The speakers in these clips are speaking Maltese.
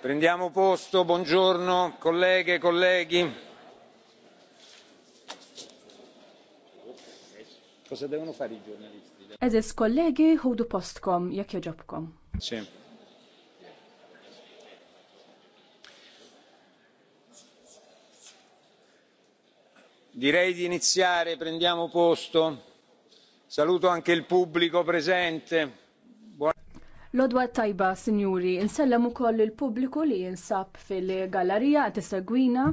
Prendiamo posto, buongiorno colleghe e colleghi. Cosa devono fare i giornalisti? Eżis kollegi ħudu postkom jekk joġobkom. Sì. Direi di iniziare, prendiamo posto. Saluto anche il pubblico presente. Lodwa tajba, sinjuri, insellem ukoll il-pubbliku li jinsab fil-gallerija isegwina.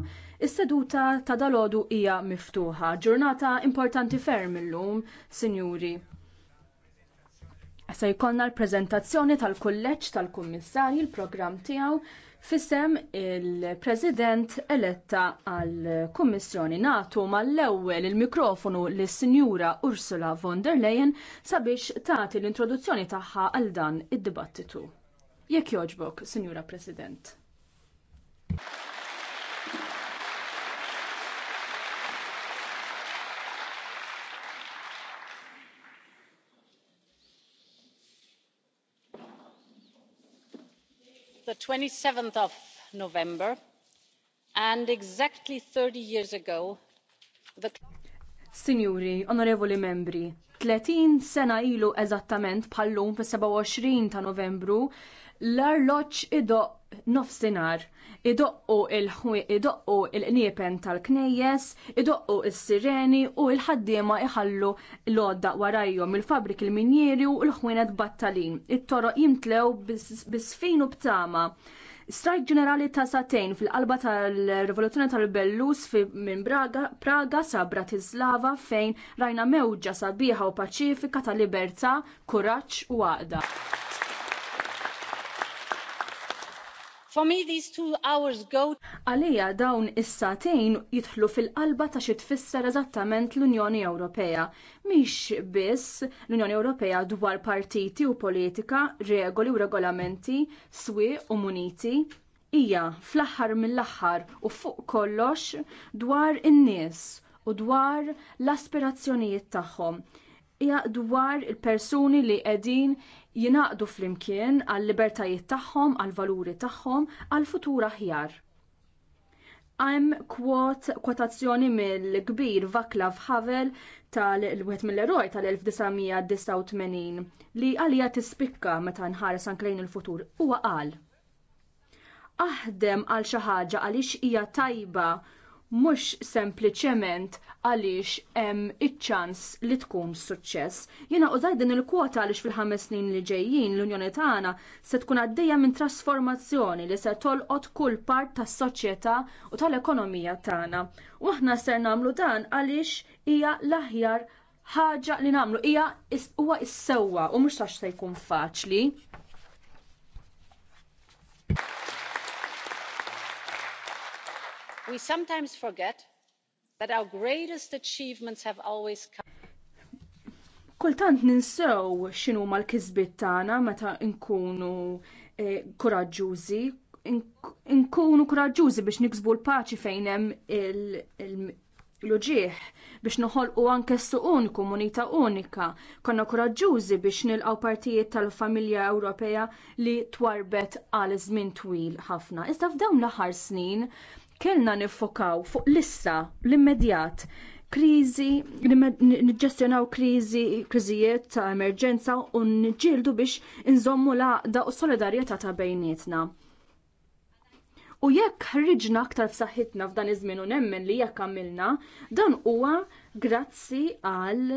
is-seduta ta' dalodu hija miftuħa. Ġurnata importanti ferm illum, sinjuri. Se jkollna l-preżentazzjoni tal-kulleġġ tal-kummissarji, il-programm tiegħu Fisem il-President eletta għal kummissjoni natu mal-ewwel il-mikrofonu lis sinjura Ursula von der Leyen sabiex tagħti l-introduzzjoni tagħha għal dan id-dibattitu. Jekk jogħġbok, Sinjura President. twenty seven november and exactly thirty years ago the Sinjuri, onorevoli membri, 30 sena ilu eżattament bħallum fis-27 ta' Novembru l-arloġġ idoq nofsinar idoqqu il-ħniepen il qniepen tal-knejjes, idoqqu il-sireni u il-ħaddiema iħallu l-odda warajjom il-fabrik il-minjeri u l-ħwienet battalin. It-toroq jimtlew bisfin u btama. Strajk ġenerali ta' satejn fil-qalba tal-rivoluzzjoni tal-Bellus minn Praga sa' Bratislava fejn rajna mewġa sabiħa u paċifika ta' libertà, kuraġġ u għaqda. For me these two hours go Għalija dawn is-satejn jidħlu fil-qalba ta' xi tfisser eżattament l-Unjoni Ewropea. Mhix biss l-Unjoni Ewropea dwar partiti u politika, regoli u regolamenti, swi u muniti, hija fl-aħħar mill-aħħar u fuq kollox dwar in-nies u dwar l-aspirazzjonijiet tagħhom hija dwar il-persuni li qegħdin jinaqdu flimkien għal libertajiet tagħhom, għal valuri tagħhom, għal futur aħjar. Hemm kwot kwotazzjoni mill-kbir Vaclav Havel tal-wieħed mill-eroj tal-1989 li għalija tispikka meta nħares anklejn il-futur huwa qal. Aħdem għal xi ħaġa għaliex hija tajba mhux sempliċement għaliex hemm iċ-ċans li tkun suċċess. Jiena użajt din il-kwota għaliex fil-ħames snin li ġejjin l-Unjoni tagħna se tkun għaddejja minn trasformazzjoni li se tolqot kull part tas-soċjetà u tal-ekonomija tagħna. U aħna ser nagħmlu dan għaliex hija l-aħjar ħaġa li nagħmlu hija huwa is-sewwa u mhux tax se jkun faċli we sometimes forget that our greatest achievements have always come Kultant ninsew x'inhu mal-kisbiet tagħna meta nkunu eh, kuraġġużi, nkunu kuraġġużi biex niksbu l-paċi fejn hemm l-uġieħ biex noħolqu anke suq uniku, munita unika. Konna kuraġġużi biex nilqgħu partijiet tal-familja Ewropea li twarbet għal żmien twil ħafna. Iżda f'dawn l-aħħar snin kellna nifokaw fuq l-issa, l-immedjat, krizi, nġestjonaw krizi, krizijiet ta' emerġenza u nġildu biex nżommu għaqda u solidarjetà ta' bejnietna. U jekk ħriġna aktar f'saħħitna f'dan iż-żmien u nemmen li jekk għamilna, dan huwa grazzi għal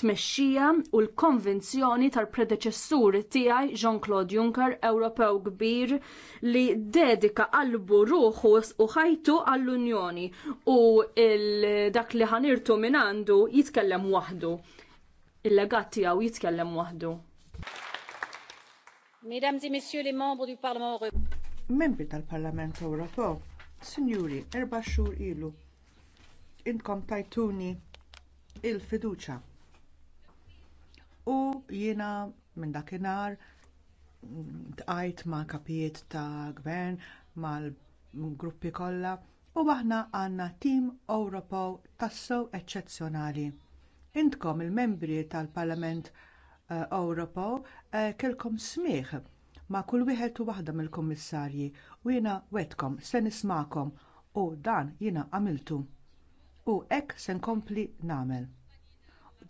tmexxija u l-konvinzjoni tal-predeċessur tiegħi Jean-Claude Juncker Ewropew kbir li dedika qalbu ruħu u ħajtu għall-Unjoni u dak li ħanirtu minn għandu jitkellem waħdu. Il-legat tiegħu jitkellem waħdu. Mesdames et messieurs les membres du Parlement européen. Membri tal-Parlament Ewropew, Sinjuri, erba' xhur ilu, inkom tajtuni il-fiduċa u jiena minn dakinhar tqajt ma' kapijiet ta' gvern mal-gruppi kollha u aħna għandna tim Ewropew tassew eċċezzjonali. Intkom il-membri tal-Parlament eh, Ewropew eh, kelkom smigħ ma' kull wieħed u waħda mill-kummissarji u jiena wetkom se nismakom u dan jiena għamiltu. U hekk se nkompli nagħmel.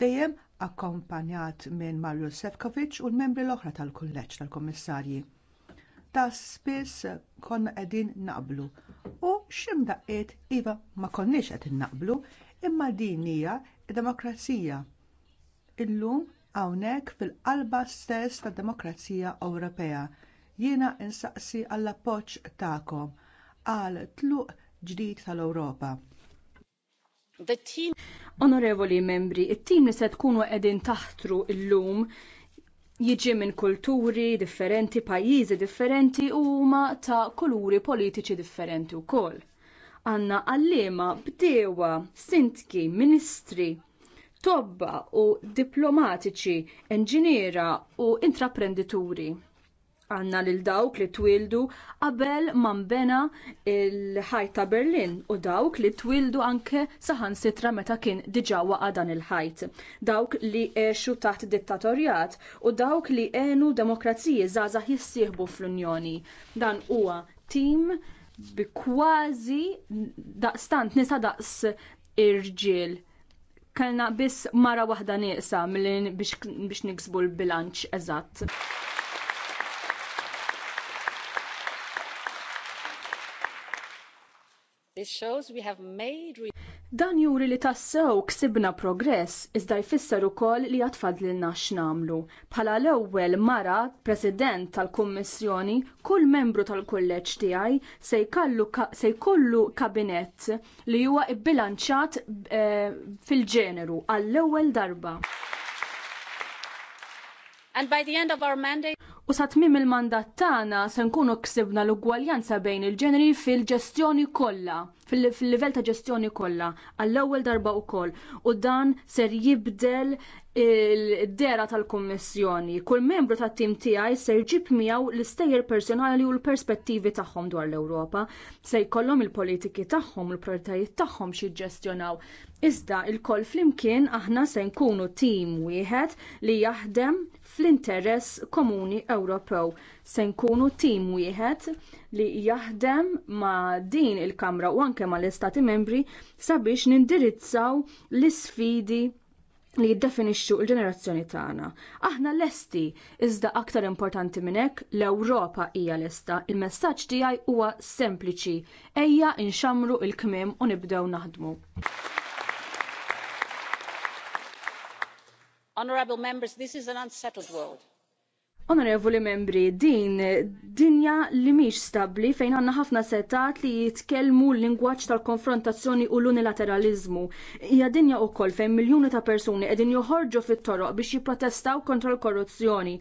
Dejjem akkompanjat minn Mario Sefcovic u l-membri l-oħra tal-kulleġġ tal-Kommissarji. Ta' spiss konna qegħdin naqblu u daqqiet iva ma konniex qed innaqblu imma din hija demokrazija. Illum hawnhekk fil-qalba stess tad-demokrazija Ewropea. Jiena insaqsi għall-appoġġ tagħkom għal tluq ġdid tal-Ewropa. Onorevoli membri, it-tim li se tkunu qegħdin taħtru llum jiġi minn kulturi differenti, pajjiżi differenti u ma ta' kuluri politiċi differenti wkoll. Għanna għallima, bdewa, sintki, ministri, tobba u diplomatiċi, inġiniera u intraprendituri għanna lil dawk li twildu qabel ma mbena il-ħaj ta' Berlin u dawk li twildu anke saħansitra meta kien diġà waqa' dan il-ħajt. Dawk li għexu taħt dittatorjat u dawk li għenu demokrazija żgħażagħ jissieħbu fl-Unjoni. Dan huwa tim bi kważi daqstant nisa daqs irġiel kellna biss mara waħda nieqsa biex niksbu l-bilanċ eżatt. It shows we have made Dan juri li tassew ksibna progress iżda jfisser ukoll li għatfad li nax namlu. Bħala l-ewwel mara President tal-Kummissjoni, kull membru tal-kulleġġ tiegħi se jkollu kabinett li huwa bbilanċat eh, fil-ġeneru għall-ewwel darba. And by the end of our mandate U sa tmim il-mandat tagħna se nkunu ksibna l-ugwaljanza bejn il-ġeneri fil-ġestjoni kollha fil-livell ta' ġestjoni kollha għall-ewwel darba wkoll u dan ser jibdel id-dera tal-Kummissjoni. Kull membru tat-tim tiegħi ser jġib miegħu l-istejjer personali u l-perspettivi tagħhom dwar l-Ewropa. Se jkollhom il-politiki tagħhom, il-prioritajiet tagħhom xi Iżda il-koll flimkien aħna se nkunu tim wieħed li jaħdem fl-interess komuni Ewropew se nkunu tim wieħed li jaħdem ma' din il-Kamra u anke mal istati membri sabiex nindirizzaw l isfidi li jiddefinixxu l-ġenerazzjoni tagħna. Aħna lesti iżda aktar importanti minn hekk l-Ewropa hija lesta. Il-messaġġ tiegħi huwa sempliċi. Ejja nxamru il kmiem u nibdew naħdmu. Honorable members, this is an unsettled world Onorevoli membri, din dinja li mhix stabbli fejn għandna ħafna setat li jitkellmu l-lingwaġġ tal-konfrontazzjoni u l-unilateralizmu. Hija dinja wkoll fejn miljoni ta' persuni qegħdin joħorġu fit-toroq biex jipprotestaw kontra l-korruzzjoni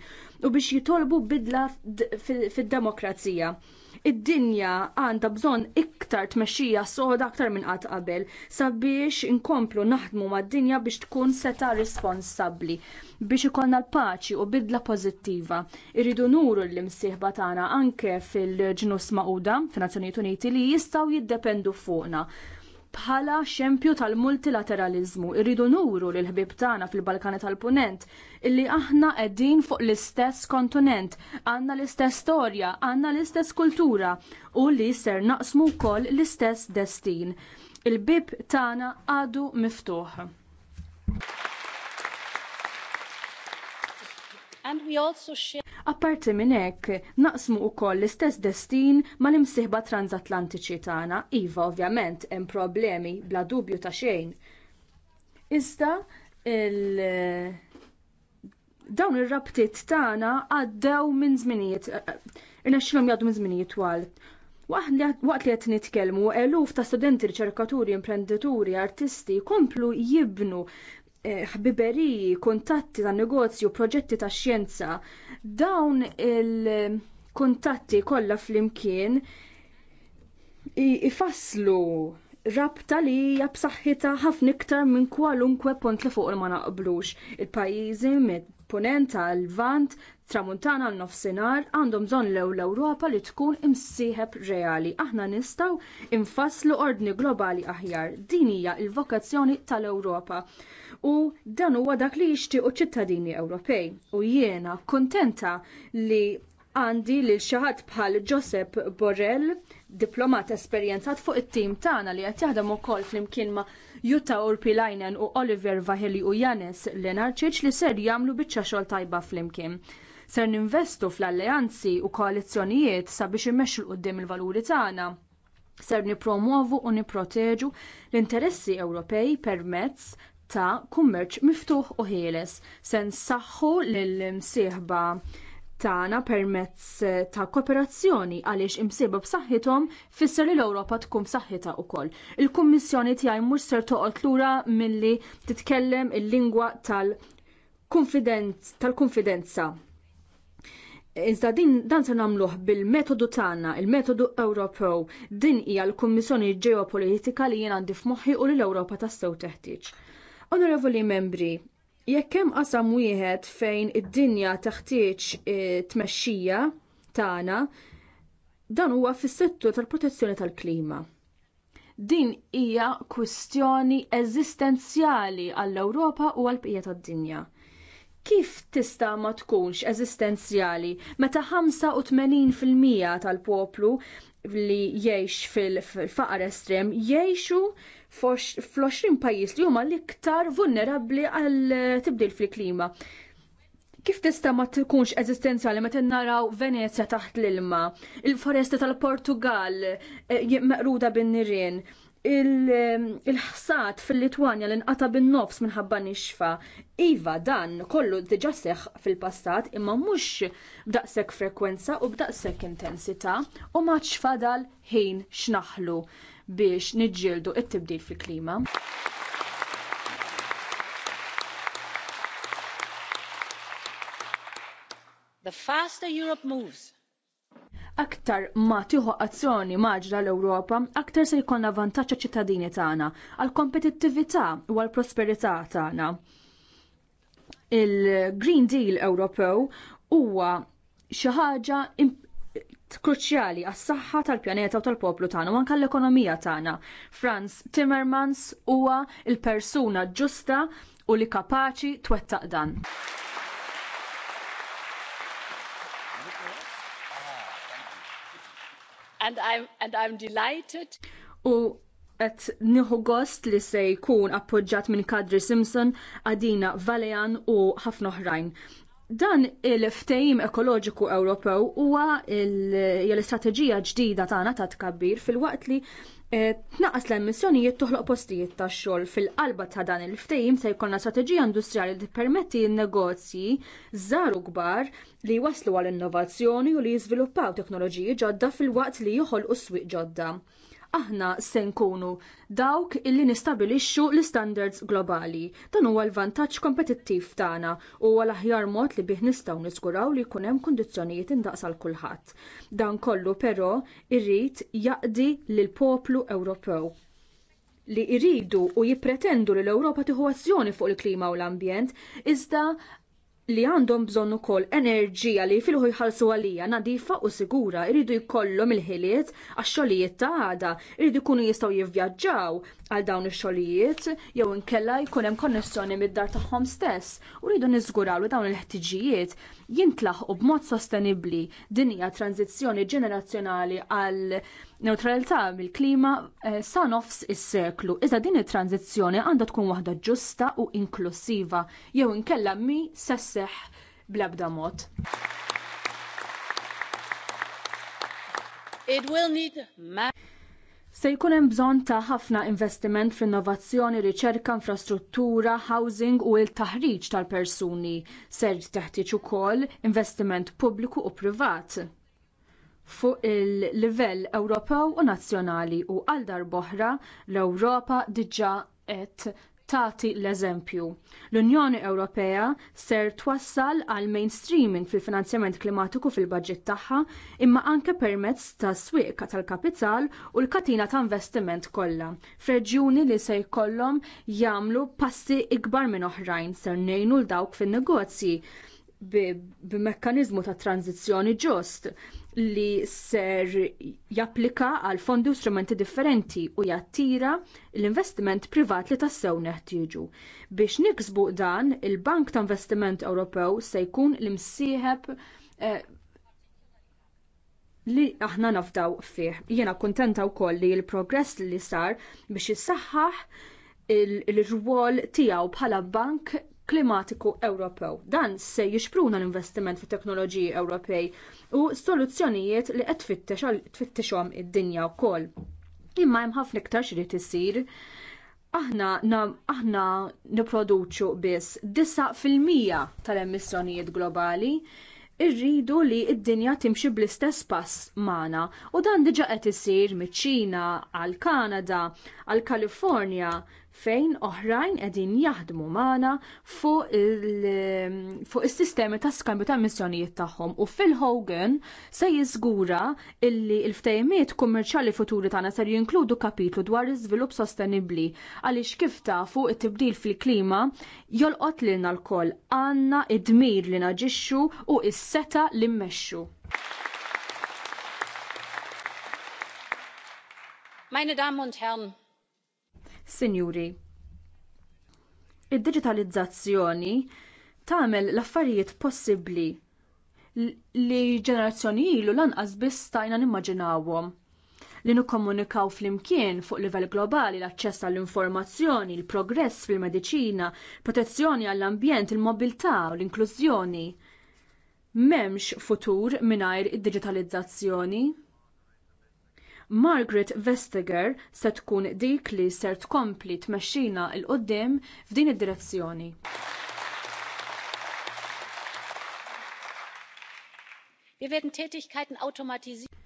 u biex jitolbu bidla fid-demokrazija. Id-dinja għandha bżonn iktar tmexxija soda aktar minn qatt qabel sabiex inkomplu naħdmu mad-dinja biex tkun seta responsabbli biex ikollna l-paċi u bidla pożittiva. Irridu nuru l-imsieħba tagħna anke fil-ġnus maquda fin-Nazzjonijiet Uniti li jistgħu jiddependu fuqna bħala xempju tal-multilateralizmu. Irridu nuru lil ħbib tagħna fil-Balkani tal-Punent illi aħna qegħdin fuq l-istess kontinent, għandna l-istess storja, għandna l-istess kultura u li ser naqsmu wkoll l-istess destin. Il-bib tagħna għadu miftuħ. Apparti minn hekk, naqsmu wkoll l-istess destin mal-imsieħba transatlantiċi tagħna, iva ovvjament hemm problemi bla dubju ta' xejn. Iżda il dawn ir-rabtiet tagħna għaddew minn żminijiet irnexxielhom jgħaddu minn żminijiet twal. Waqt li qed nitkellmu eluf ta' studenti, riċerkaturi, imprendituri, artisti jkomplu jibnu Eh, ħbiberi, kuntatti ta' negozju, proġetti ta' xjenza, dawn il-kuntatti kollha flimkien ifasslu rabta li hija b'saħħitha ħafna iktar minn kwalunkwe pont li fuq ma naqblux. Il-pajjiżi mid-punent l vant tramuntana għal nofsinhar għandhom bżonn lew l-Ewropa li tkun imsieħeb reali. Aħna nistgħu infasslu ordni globali aħjar. Din hija l-vokazzjoni tal-Ewropa. U dan huwa dak li jixtiequ ċittadini Ewropej. U jiena kuntenta li għandi li xaħat bħal Josep Borrell, diplomat esperjenzat fuq it-tim tagħna li qed jaħdem ukoll flimkien ma' Jutta Urpilainen u Oliver Vaheli u Janes Lenarčić li ser jagħmlu biċċa xogħol tajba flimkien. Ser ninvestu fl-alleanzi u koalizzjonijiet sabiex immexxu l il-valuri tagħna. Ser nipromuovu u nipproteġu l-interessi Ewropej permezz ta' kummerċ miftuħ u ħieles. Se nsaħħu lill-imsieħba tagħna permezz ta' kooperazzjoni għaliex imsibu b'saħħithom fisser li l-Ewropa tkun b'saħħitha wkoll. Il-Kummissjoni tiegħi mhux ser toqgħod lura milli titkellem il-lingwa tal-konfidenza. Iżda din dan se nagħmluh bil-metodu tagħna, il-metodu Ewropew. Din hija l-Kummissjoni Ġeopolitika li jien għandi f'moħħi u l-Ewropa tassew teħtieġ. Onorevoli membri, jekk hemm qasam wieħed fejn id-dinja teħtieġ e, tmexxija tagħna, dan huwa fis-settur tal-protezzjoni tal-klima. Din hija kwistjoni eżistenzjali għall-Ewropa u għall-bqija tad-dinja kif tista ma tkunx eżistenzjali meta 85% tal-poplu li jgħix fil-faqar estrem jgħixu fl-20 pajjiż li huma l-iktar vulnerabbli għal tibdil fil-klima kif tista' ma tkunx eżistenzjali meta naraw Venezja taħt l-ilma, il-foresta tal-Portugal eh, meqruda bin-nirien, Ehm, il-ħsat fil-Litwanja li nqata bin-nofs minħabba nixfa. Iva dan kollu diġà seħħ fil-passat imma mhux b'daqshekk frekwenza u b'daqshekk intensità u ma fadal ħin x'naħlu biex niġġieldu it-tibdil fil-klima. The faster Europe moves, aktar ma tiħu azzjoni maġra l-Ewropa, aktar se jkollna avantaċa ċittadini tagħna għall kompetittività u għall prosperità tagħna. Il-Green Deal Ewropew huwa xi ħaġa kruċjali għas-saħħa tal-pjaneta u tal-poplu tagħna u anke l-ekonomija tagħna. Franz Timmermans huwa l persuna ġusta u li kapaċi twettaq dan. and I'm, and I'm delighted. U qed nieħu gost li se jkun appoġġjat minn Kadri Simpson, Adina Valean u ħafna oħrajn. Dan il-ftehim ekoloġiku Ewropew huwa l-istrateġija ġdida tagħna ta' tkabbir fil-waqt li E, tnaqqas l-emissjonijiet toħloq postijiet tax xogħol fil-qalba ta' dan il-ftehim se jkollna strateġija industrijali li tippermetti n-negozji żaru kbar li waslu għall innovazzjoni u li jiżviluppaw teknoloġiji ġodda fil-waqt li joħolqu swieq ġodda aħna se nkunu dawk illi nistabilixxu l-standards globali. Dan huwa l-vantaġġ kompetittiv tagħna u huwa l-aħjar mod li bih nistgħu niżguraw li jkun hemm kundizzjonijiet indaqs għal kulħadd. Dan kollu però irrid jaqdi lil poplu Ewropew li jridu u jippretendu li l-Ewropa tieħu azzjoni fuq il-klima u l-ambjent, iżda li għandhom bżonn ukoll enerġija li filħu jħallsu għalija nadifa u sigura jridu jkollhom il-ħiliet għax-xogħlijiet ta' għada, jridu jkunu jistgħu jivvjaġġaw, għal dawn ix-xogħlijiet jew inkella jkun hemm konnessjoni mid-dar tagħhom stess u rridu niżguraw li dawn il-ħtiġijiet jintlaħqu b'mod sostenibbli din hija tranzizzjoni ġenerazzjonali għal neutralità mill-klima eh, sa nofs is-seklu. Iżda din it-tranzizzjoni għandha tkun waħda ġusta u inklusiva jew inkella mi sesseħ bl-ebda mod. It will need Se jkun hemm bżonn ta' ħafna investiment f'innovazzjoni, riċerka, infrastruttura, housing u l-taħriġ tal-persuni. Ser teħtieġ ukoll investiment pubbliku u privat fuq il-livell Ewropew u nazzjonali u għal darb'oħra l-Ewropa diġà qed tagħti l-eżempju. L-Unjoni Ewropea ser twassal għal mainstreaming fil-finanzjament klimatiku fil-budget tagħha imma anke permezz ta' swieq tal-kapital u l-katina ta' investiment kollha. F'reġjuni li se jkollhom jagħmlu passi ikbar minn oħrajn ser ngħinu l dawk fin-negozji b'mekkaniżmu ta' tranzizjoni ġost li ser japplika għal fondi u strumenti differenti u jattira l-investiment privat li tassew neħtieġu. Biex niksbu dan, il-Bank ta' Investiment Ewropew se jkun l-imsieħeb eh, li aħna nafdaw fih. Jiena kuntenta wkoll li l-progress li sar biex jissaħħaħ il-rwol tiegħu bħala bank klimatiku Ewropew. Dan se jixpruna l-investiment fit teknoloġiji Ewropej u soluzzjonijiet li qed tfittexhom id-dinja wkoll. Imma hemm ħafna iktar xrid isir. Aħna aħna nipproduċu biss 9% tal-emissjonijiet globali irridu li d-dinja timxi bl-istess pass magħna u dan diġa qed isir miċ-Ċina għall kanada għall kalifornja fejn oħrajn qegħdin jaħdmu magħna fuq is-sistemi ta' skambju ta' missjonijiet tagħhom u fil Hogan se jiżgura illi l-ftehimiet kummerċjali futuri tagħna ser jinkludu kapitlu dwar il-żvilupp sostenibbli għaliex kif tafu it-tibdil fil-klima jolqot lilna lkoll għandna id-dmir li naġixxu u s-seta li mmexxu. Meine Damen und Herren, Sinjuri, id-digitalizzazzjoni tagħmel l-affarijiet possibbli li ġenerazzjoni ilu lanqas biss stajna nimmaġinawhom li nikkomunikaw flimkien fuq livell globali l-aċċess għall-informazzjoni, il-progress fil-mediċina, protezzjoni għall-ambjent, il-mobilità u l-inklużjoni. M'hemmx futur mingħajr id-diġitalizzazzjoni. Margaret Vestager se tkun dik li ser tkompli tmexxina l qudiem f'din id-direzzjoni. Wir werden Tätigkeiten automatisieren.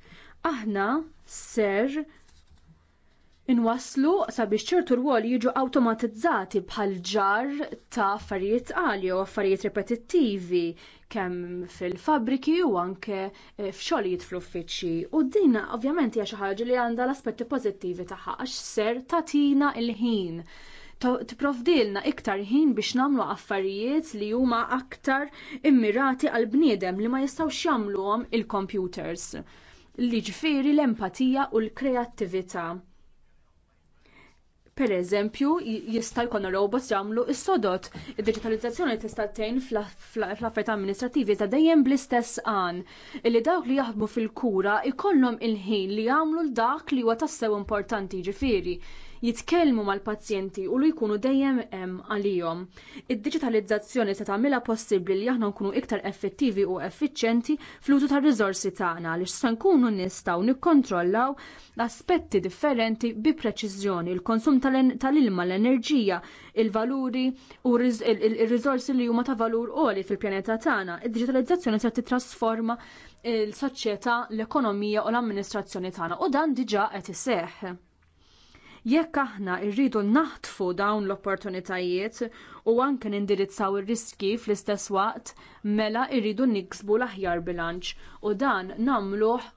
Aħna ser Inwaslu sabiex ċertu rwol jiġu awtomatizzati bħal ġar ta' affarijiet għali u affarijiet repetittivi kemm fil-fabriki u anke eh, f'xogħlijiet fl-uffiċċji. U din ovvjament hija xi ħaġa li għandha l-aspetti pożittivi tagħha għax ser tagħtina l-ħin tipprovdilna iktar ħin biex nagħmlu affarijiet li huma aktar immirati għal bniedem li ma jistgħux jagħmluhom il-computers. Li ġifieri l-empatija u l-kreattività. Per eżempju, jista' jkollna robots jagħmlu s-sodot. Id-diġitalizzazzjoni tista' tgħin fl-affarijiet amministrativi ta' dejjem bl-istess għan illi dawk li jaħdmu fil-kura ikollhom il-ħin li jagħmlu l dak li huwa tassew importanti ġifieri jitkellmu mal-pazjenti u li jkunu dejjem hemm għalihom. Id-diġitalizzazzjoni se tagħmilha possibbli li aħna nkunu iktar effettivi u effiċjenti fl-użu tar-riżorsi tagħna li se nkunu nistgħu nikkontrollaw aspetti differenti bi preċiżjoni, il-konsum tal-ilma, l-enerġija, il-valuri u il-riżorsi li huma ta' valur għoli fil-pjaneta tagħna. Id-diġitalizzazzjoni se titrasforma il-soċjetà, l-ekonomija u l-amministrazzjoni tagħna u dan diġà qed iseħħ. Jekk aħna rridu naħtfu dawn l-opportunitajiet u anke nindirizzaw ir-riski fl-istess waqt, mela rridu niksbu l-aħjar bilanċ u dan nagħmluh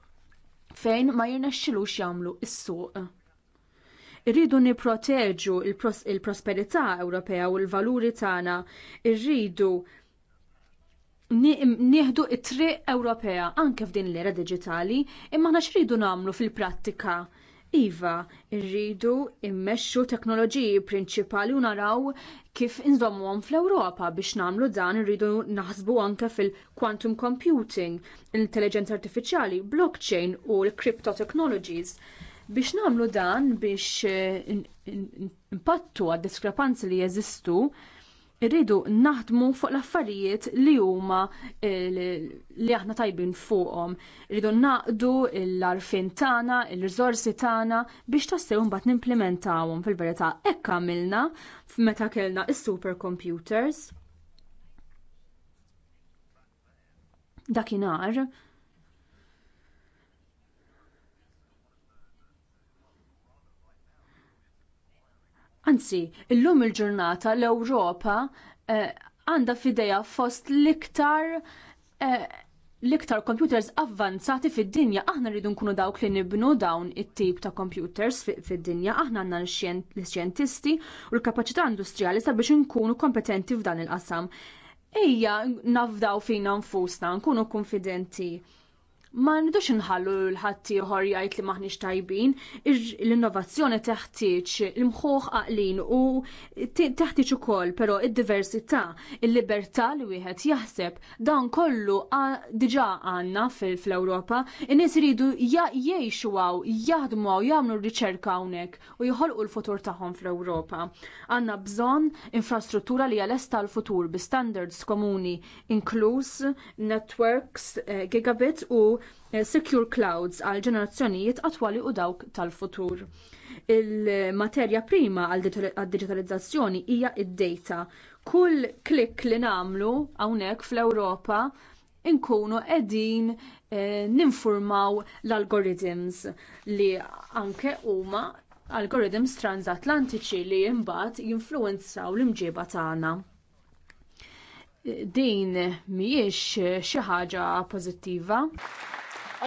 fejn ma jirnexxilux jagħmlu is-suq. Irridu nipproteġu l prosperità Ewropea u l-valuri tagħna, irridu nieħdu it-triq Ewropea anke f'din l-era diġitali imma aħna ridu nagħmlu fil-prattika Iva, rridu immexxu teknoloġiji prinċipali u naraw kif inżommuhom fl-Ewropa biex nagħmlu dan irridu naħsbu anke fil-quantum computing, l-intelligenza artifiċjali, blockchain u l-crypto technologies biex namlu dan biex impattu għad diskrepanzi li jeżistu irridu naħdmu fuq l-affarijiet li huma eh, li aħna tajbin fuqhom. Irridu naqdu l-arfin tagħna, ir riżorsi tagħna biex tassew mbagħad nimplementawhom fil-verità. Hekk għamilna meta kellna is-supercomputers. Dakinhar Anzi, illum il-ġurnata l-Ewropa għandha eh, fideja fost l-iktar eh, l computers avvanzati fid-dinja aħna rridu nkunu dawk li nibnu dawn it-tip ta' computers fid-dinja aħna għandna l-xjentisti u l-kapaċità industrijali sabiex nkunu kompetenti f'dan il-qasam. Ejja nafdaw fina nfusna, nkunu konfidenti ma nidux nħallu l ħatti jgħid li maħniex tajbin, l-innovazzjoni teħtieġ l-mħuħ għaqlin u teħtieġ ukoll però id-diversità, il-libertà li wieħed jaħseb dan kollu diġà għandna fl-Ewropa, in-nies iridu jgħixu għaw, jaħdmu għaw, jagħmlu riċerka hawnhekk u jħolqu l-futur tagħhom fl-Ewropa. Għanna bżonn infrastruttura li għalesta l-futur bi standards komuni inkluż networks eh, gigabit u Eh, secure clouds għal ġenerazzjonijiet attwali u dawk tal-futur. Il-materja prima għal digitalizzazzjoni hija id-data. Kull klik li namlu hawnhekk fl-Ewropa inkunu qegħdin eh, ninfurmaw l-algorithms li anke huma algorithms transatlantiċi li mbagħad jinfluwenzaw l-imġiba tagħna din mhijiex xi ħaġa pożittiva.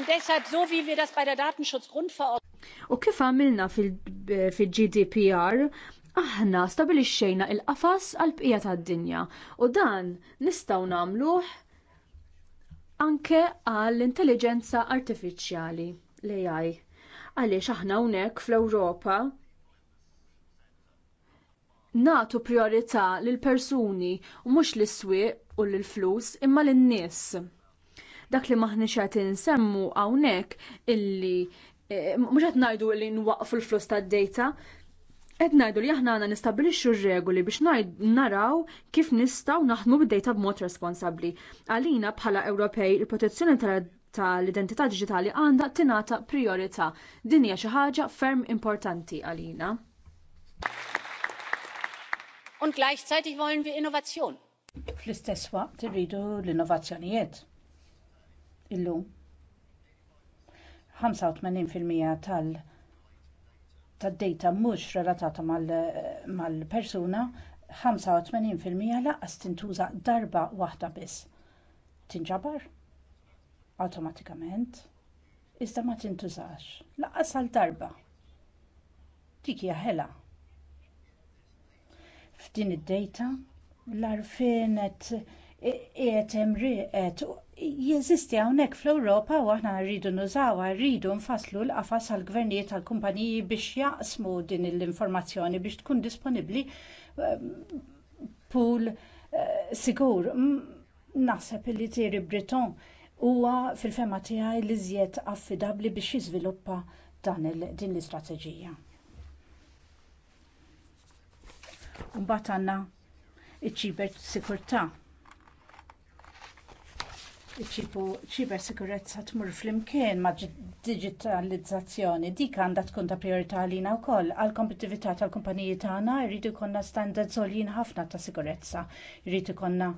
Und deshalb so wie wir das bei der Datenschutzgrundverordnung U kif għamilna fil-GDPR, aħna stabilixxejna il-qafas għal bqija tad-dinja u dan nistgħu nagħmluh anke għall intelligenza artifiċjali l-AI. Għaliex aħna hawnhekk fl-Ewropa natu priorità lill persuni u mhux l swieq u lill flus imma lin nies Dak li maħniex qed insemmu hawnhekk illi e, mhux qed ngħidu li nwaqfu l-flus tad-dejta, qed najdu li aħna għana nistabilixxu r-regoli biex naraw kif nistaw naħdmu bid-dejta b'mod responsabbli. Għalina bħala Ewropej il-protezzjoni tal-identità digitali għandha tingħata priorità. Din hija xi ħaġa ferm importanti għalina und gleichzeitig wollen wir Innovation. Fl-istess waqt irridu l-innovazzjonijiet. Illum 85% tal- tad-data mhux relatata mal-persuna, mal 85% laqqas tintuża darba waħda biss. Tinġabar awtomatikament iżda ma tintużax laqqas għal darba. Dik hija ħela f'din id-dejta l-arfin qed imrieqed jeżisti hawnhekk fl-Ewropa u aħna rridu nużawha, rridu nfasslu l-qafas għall gvernijiet tal-kumpaniji biex jaqsmu din l-informazzjoni biex tkun disponibbli eh, pool eh, sigur. Naħseb li tieri Breton huwa fil-fema tiegħi li żjed affidabbli biex jiżviluppa din l-istrateġija. Mbagħad għandna iċ-ċiber sikurtà. Iċ-ċiber sikurezza tmur flimkien ma' digitalizzazzjoni dik għandha tkun ta' priorità għalina wkoll għall kompetitività tal-kumpaniji tagħna jridu jkollna standards għolin ħafna ta' sikurezza, jridu jkollna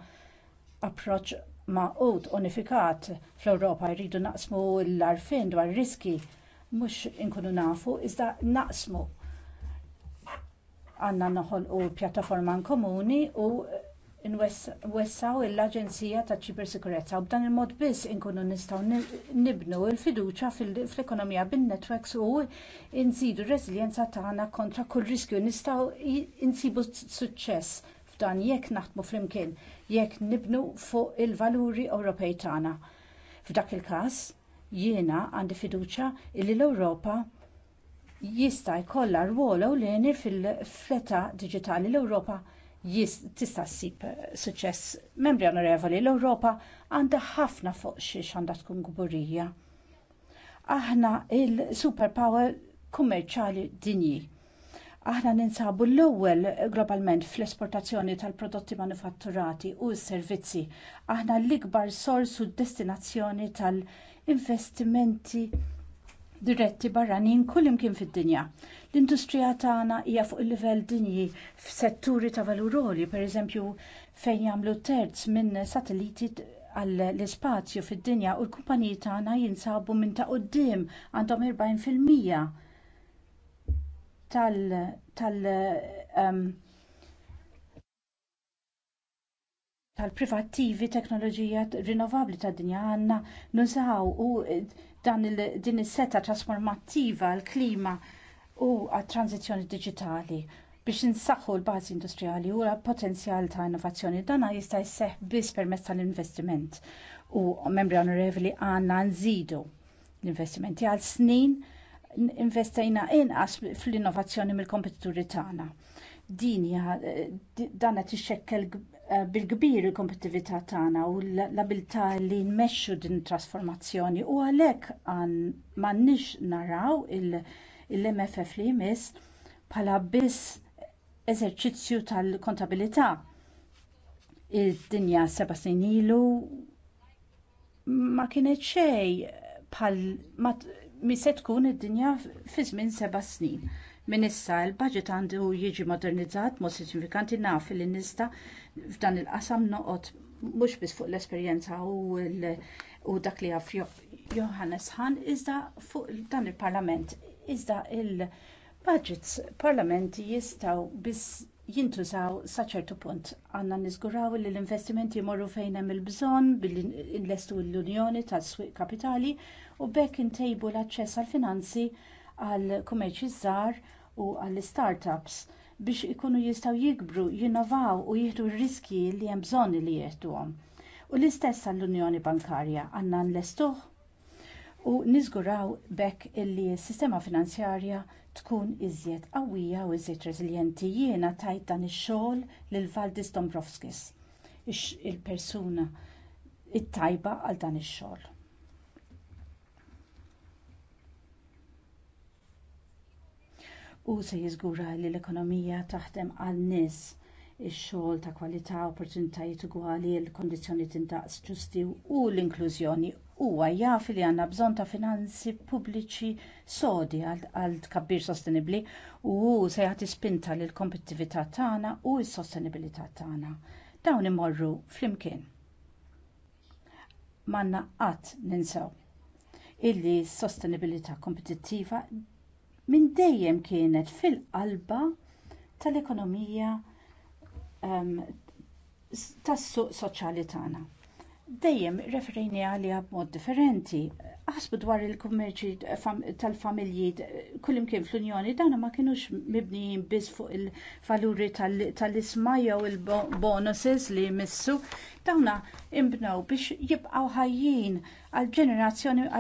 approċċ maqut unifikat fl-Ewropa jridu naqsmu l-arfin dwar riski mhux inkunu nafu iżda naqsmu noħol u pjattaforma komuni u nwessaw l-Aġenzija ta' ċibersikurezza u b'dan il-mod biss inkunu nistgħu nibnu l-fiduċja fl-ekonomija bin-netwerks u nżidu r-reżiljenza tagħna kontra kull riskju nistgħu insibu suċċess f'dan jekk naħdmu flimkien, jekk nibnu fuq il-valuri Ewropej tagħna. F'dak il-każ jiena għandi fiduċja li l-Ewropa jista' jkollha rwol ewlieni fil-fleta diġitali l-Ewropa tista' ssib eh, suċċess. Membri onorevoli, l-Ewropa għandha ħafna fuq xiex għandha tkun gburija. Aħna il-superpower kummerċali dinji aħna ninsabu l-ewwel globalment fl-esportazzjoni tal-prodotti manufatturati u s-servizzi. Aħna l-ikbar sors u destinazzjoni tal-investimenti diretti barranin kullimkien fid-dinja. L-industrija tagħna hija fuq il-livell dinji f'setturi ta' valuroli, pereżempju fejn jagħmlu terz minn satelliti għall-ispazju fid-dinja u l-kumpaniji tagħna jinsabu minn ta' quddiem għandhom 40% tal tal um, tal-privattivi teknoloġija rinnovabbli tad-dinja għandna nusaw u eh, dan din is-seta trasformattiva għall klima u għat-tranzizzjoni diġitali biex insaħħu l-bażi industrijali u l-potenzjal ta' innovazzjoni dan jista' jseħħ biss permezz tal-investiment u membri onorevoli għandna nżidu l-investimenti għal snin investejna inqas fl-innovazzjoni mill-kompetituri tagħna. Din hija eh, dan qed ixxekkel Eh, bil-kbir il-kompetitività tagħna u l-abilità li nmexxu din it trasformazzjoni u għalhekk m'għandniex naraw il-MFF li jmiss bħala biss eżerċizzju tal-kontabilità. Id-dinja seba' snin ilu ma kienet xejn bħal mi se tkun id-dinja fi żmien seba' snin. minn issa l-budget għandu jiġi modernizzat mod sinifikanti naf li nista' f'dan il-qasam noqgħod mhux biss fuq l-esperjenza u dak li għaf Johannes Hahn iżda fuq dan il-parlament iżda il-budgets parlamenti jistgħu biss jintużaw sa ċertu punt. Għandna niżguraw li l-investimenti jmorru fejn hemm il-bżonn billi investu l-Unjoni tas-Swieq Kapitali u bekk intejbu l-aċċess għall finanzi għall kummerċi żgħar u għall startups biex ikunu jistgħu jikbru, jinnovaw u jieħdu r-riski li hemm bżonn li jieħduhom. U l-istess għall-Unjoni Bankarja għandna nlestuh u niżguraw bekk illi s-sistema finanzjarja tkun iżjed qawwija u iżjed rezilienti jiena tajt dan ix-xogħol lil Valdis Dombrovskis, il-persuna it-tajba għal dan ix-xogħol. u se jiżgura li l-ekonomija taħdem għal nies ix-xogħol ta' kwalità, opportunitajiet ugwali, l-kondizzjoni tindaqs ġusti u l-inklużjoni huwa jaf li għandna bżonn ta' finanzi pubbliċi sodi għal tkabbir sostenibbli u hu se jagħti spinta lill kompetittività tagħna u s-sostenibilità tagħna. Dawn imorru flimkien. Manna qatt ninsew illi s-sostenibilità kompetittiva minn dejjem kienet fil-qalba tal-ekonomija um, tas-suq soċjali tagħna. Dejjem referejni għalija b'mod differenti. Aħsbu dwar il-kummerċi tal-familji kullimkien fl-Unjoni dana ma kinux mibnijin biss fuq il-valuri tal-isma jew il-bonuses li jmissu dawna imbnew biex jibqaw ħajjin għall ġenerazzjoni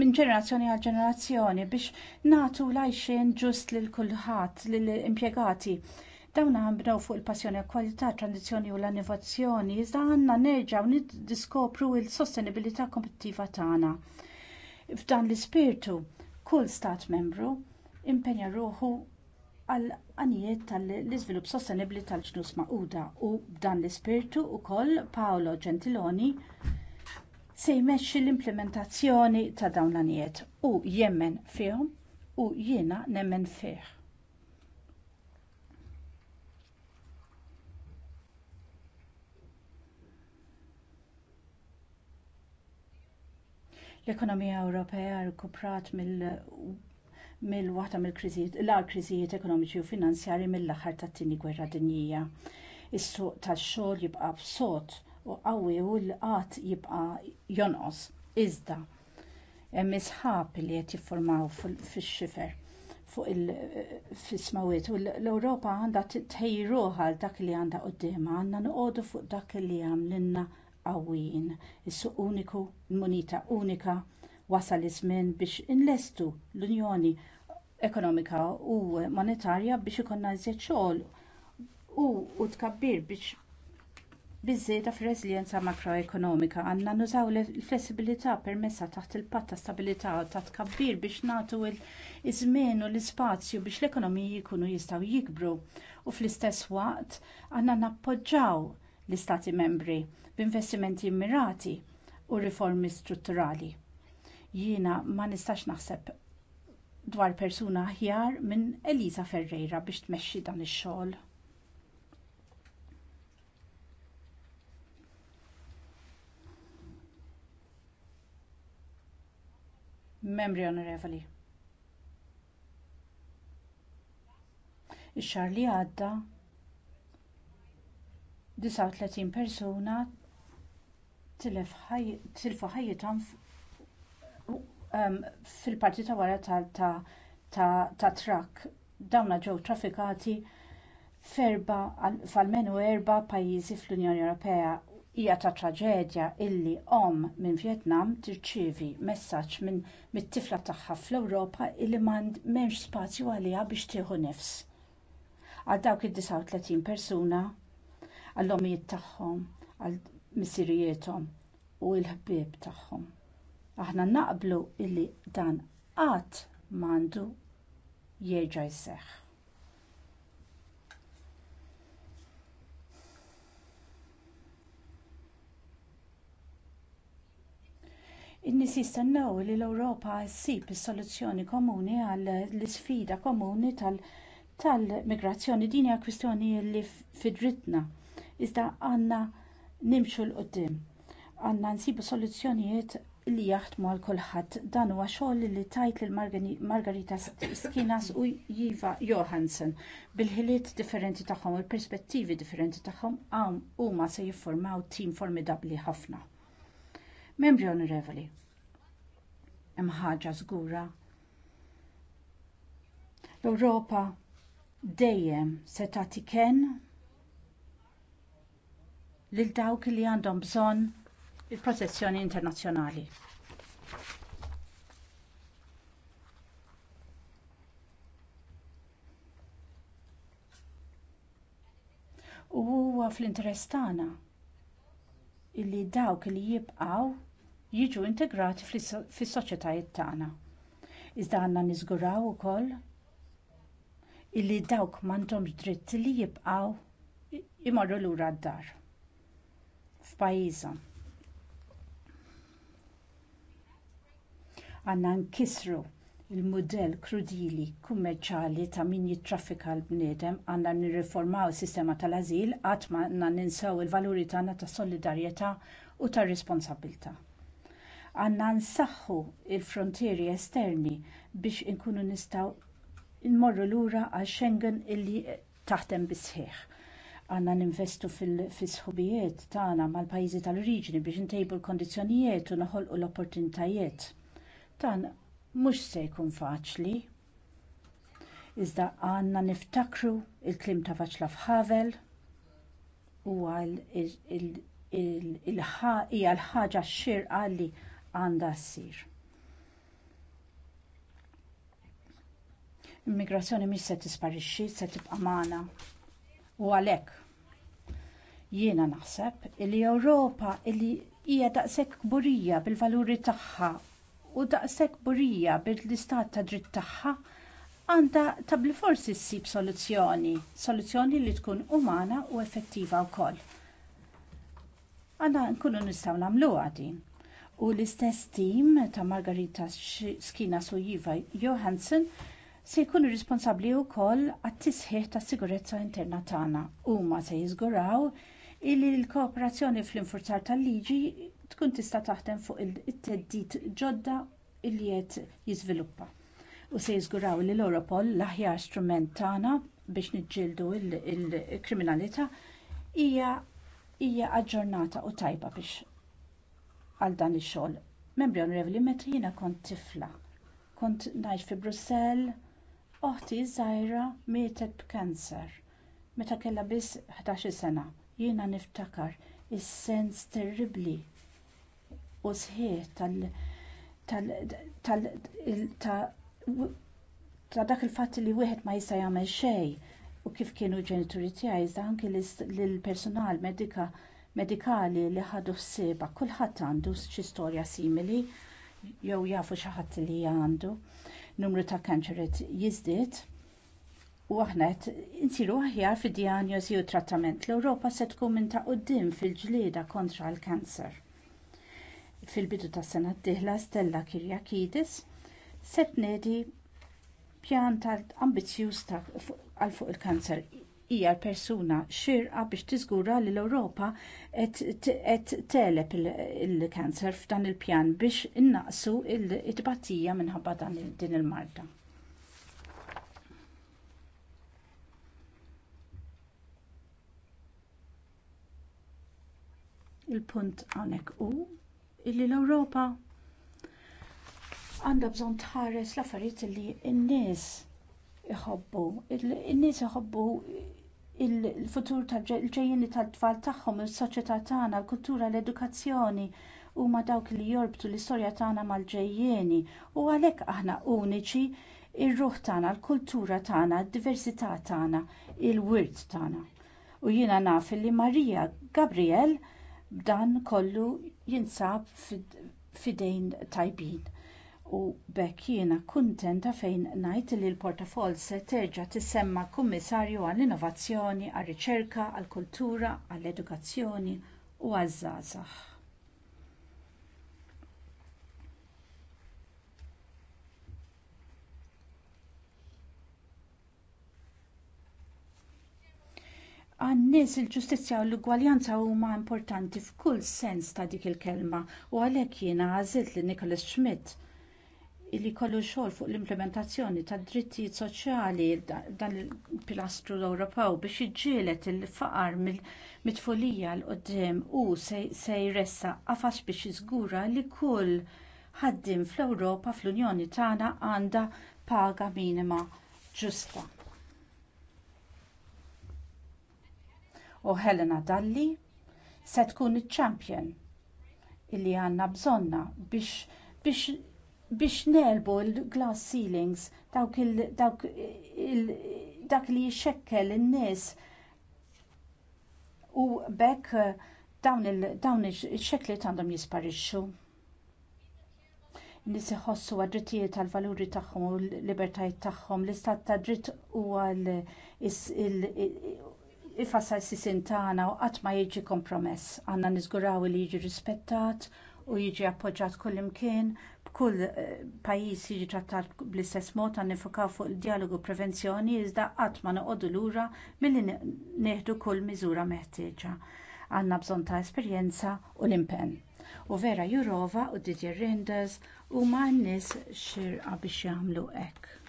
minn ġenerazzjoni għal ġenerazzjoni biex nagħtu l-għajxin ġust lil kulħadd lill impjegati Dawn għambraw fuq il-passjoni għal-kwalità, tradizjoni u l-innovazzjoni, iżda għandna nerġgħu niddiskopru l-sostenibilità kompetitiva tagħna. F'dan l-ispirtu, kull stat membru impenja ruħu għal għanijiet tal-izvilup sostenibli tal-ġnus maquda u b'dan l-ispirtu u koll Paolo Gentiloni se jmexxi l-implementazzjoni ta' dawn l-anijiet u jemmen fihom u jiena nemmen fih. L-ekonomija Ewropea rkuprat mill mill mill-kriżijiet, l-ar ekonomiċi u finanzjarji mill-aħħar tat-tieni gwerra dinjija. Is-suq tax-xogħol jibqa' b'sod u qawwi u l-qatt jibqa' jonqos iżda hemm isħab li qed jiffurmaw fix-xifer fuq il-fismawiet u l-Ewropa għandha tħejji ruħha għal dak li għandha qudiemha għandna noqogħdu fuq dak li għamlilna qawwijin. Is-suq uniku, il-munita unika, wasal iż-żmien biex inlestu l-Unjoni ekonomika u monetarja biex ikollna iżjed xogħol u tkabbir biex fir f'reżiljenza makroekonomika għandna nużaw il-flessibilità permessa taħt il-patt ta' stabilità ta' tkabbir biex nagħtu iż-żmien u l-ispazju biex l-ekonomiji jkunu jistgħu jikbru u fl-istess waqt għandna nappoġġjaw l-istati membri b'investimenti immirati u riformi strutturali. Jiena ma nistax naħseb dwar persuna aħjar minn Elisa Ferreira biex tmexxi dan ix-xogħol. Membri onorevoli. Ix-xahar li għadda 39 persuna tilfu ħajjithom um, fil-parti ta' wara ta' trakk dawna ġew traffikati f'erba' f'almenu erba' pajjiżi fl-Unjoni Ewropea hija ta' traġedja illi om minn Vjetnam tirċievi messaġġ minn mit-tifla tagħha fl-Ewropa illi m'hemmx spazju għaliha biex tieħu nifs. Għal dawk id-39 persuna għall-omijiet tagħhom, għal missirijiethom u l-ħbieb tagħhom. Aħna naqblu illi dan qatt m'għandu jerġa' jseħħ. In-nies jistennew li l-Ewropa ssib is-soluzzjoni komuni għall-isfida komuni tal-migrazzjoni din hija kwistjoni li fidritna iżda għandna nimxu l qudiem Għandna nsibu soluzzjonijiet li jaħdmu għal kulħadd dan huwa xogħol li tajt lil Margarita Skinas u Jiva Johansen bil-ħiliet differenti tagħhom u l-perspettivi differenti tagħhom hawn huma se jiffurmaw tim formidabbli ħafna. Membri onorevoli, hemm ħaġa żgura. L-Ewropa dejjem se tagħti ken lil dawk li għandhom bżonn il-protezzjoni internazzjonali. U huwa fl-interess tagħna illi dawk li jibqgħu jiġu integrati fis-soċjetajiet tagħna. Iżda għandna niżguraw ukoll illi dawk m'għandhomx dritt li jibqgħu imorru lura d-dar f'pajjiżhom. Għandna nkissru il-mudell krudili kummerċjali ta' min jittraffika l-bniedem għandna nirriformaw is-sistema tal-ażil qatt ma ninsew il-valuri tagħna ta' solidarjetà u tar-responsabbiltà għandna nsaħħu l-frontieri esterni biex inkunu nistgħu nmorru lura għal Schengen illi taħdem bi sħiħ. Għandna ninvestu fis-sħubijiet tagħna mal-pajjiżi tal-oriġini biex intejbu l-kondizzjonijiet u noħolqu l-opportunitajiet. Dan mhux se jkun faċli. Iżda għandna niftakru l klim ta' faċla f'ħavel u għal il-ħaġa x il, xirqa li għandha ssir. Immigrazzjoni mhix se tisparixxi, se tibqa' magħna. U għalhekk jiena naħseb li Ewropa li hija daqshekk kburija bil-valuri tagħha u daqshekk kburija bil-istat ta' dritt tagħha għandha tabli forsi ssib soluzzjoni, soluzzjoni li tkun umana u effettiva wkoll. Għandha nkunu nistgħu nagħmluha din u l-istess tim ta' Margarita Skina Sojiva Johansen se jkunu responsabbli wkoll għat-tisħiħ tas-sigurezza interna tagħna. Huma se jiżguraw illi l-kooperazzjoni fl-infurzar tal-liġi tkun tista' taħdem fuq it teddit ġodda illi qed jiżviluppa. U se jiżguraw li l-Europol l-aħjar strument tagħna biex niġġieldu l kriminalità hija aġġornata u tajba biex għal dan ix-xogħol. Membri onorevoli metri jiena kont tifla. Kont ngħid fi Brussell, oħti żgħira mietet b'kanser meta kellha biss 11 sena. Jiena niftakar is-sens terribbli u sħiħ tal- tal tal ta' dak il-fatt li wieħed ma jista' jagħmel xejn u kif kienu ġenituri tiegħi iżda anke lill-personal medika medikali li ħadu f'sieba kulħadd għandu xi storja simili jew jafu xi ħadd li għandu numru ta' kanċeret jiżdied u aħna qed insiru aħjar fid-dijanjosi u trattament l-Ewropa se tkun minn ta' quddiem fil-ġlieda kontra l-kanċer fil-bidu tas sena d-dieħla Stella Kyriakides se tniedi pjan ta' ambizzjuż għal fuq il kanċer hija persuna xirqa biex tiżgura li l-Ewropa qed telep il-kanser f'dan il-pjan biex innaqsu it-tbatija minħabba din il-marda. Il-punt hawnhekk u illi l-Ewropa għandha bżonn tħares l-affarijiet li n-nies iħobbu, in-nies iħobbu il-futur tal-ġejjini tat-tfal tagħhom is-soċjetà tagħna l-kultura l-edukazzjoni huma dawk li jorbtu l-istorja tagħna mal-ġejjieni u għalhekk aħna uniċi ir-ruħ tagħna, l-kultura tagħna, id-diversità tagħna, il-wirt tagħna. U jiena naf li Marija Gabriel b'dan kollu jinsab fidejn tajbin u b'hekk jiena kuntenta fejn ngħid li l-portafol se terġa' tissemma kummissarju għall-innovazzjoni għar-riċerka għall-kultura għall-edukazzjoni u għaż-żgħażagħ għan-nies il-ġustizzja u l-ugwaljanza huma importanti f'kull sens ta' dik il-kelma u għalhekk jiena għażilt li Nicholas Schmidt Illi kollu xogħol fuq l-implementazzjoni tad drittijiet soċjali dan il-pilastru Ewropew biex iġġielet il-faqar mit-tfulija l qudiem u se jressaq għafax biex jiżgura li kull ħaddim fl-Ewropa fl-Unjoni tagħna għandha paga minima ġusta. U Helena Dalli se tkun iċ-champion illi għandna bżonna biex biex biex nelbu l-glass ceilings dawk il, dawk il, dak li jxekkel in-nies u bekk eh, dawn ix-xekli għandhom jisparixxu. Nies iħossu għad-drittijiet tal-valuri tagħhom u l-libertajiet tagħhom, l-istat ta' dritt huwa l-ifassa sisin tagħna u qatt ma jiġi kompromess. Għandna niżguraw li jiġi rispettat u jiġi appoġġjat kullimkien kull eh, pajjiż jiġi trattat bl-istess mod għan nifokaw fuq il-dialogu prevenzjoni iżda qatt ma noqogħdu lura milli neħdu kull miżura meħtieġa. Għandna bżonn ta' esperjenza u l-impenn. U vera Jurova u Didier Reinders huma n-nies xirqa biex jagħmlu hekk.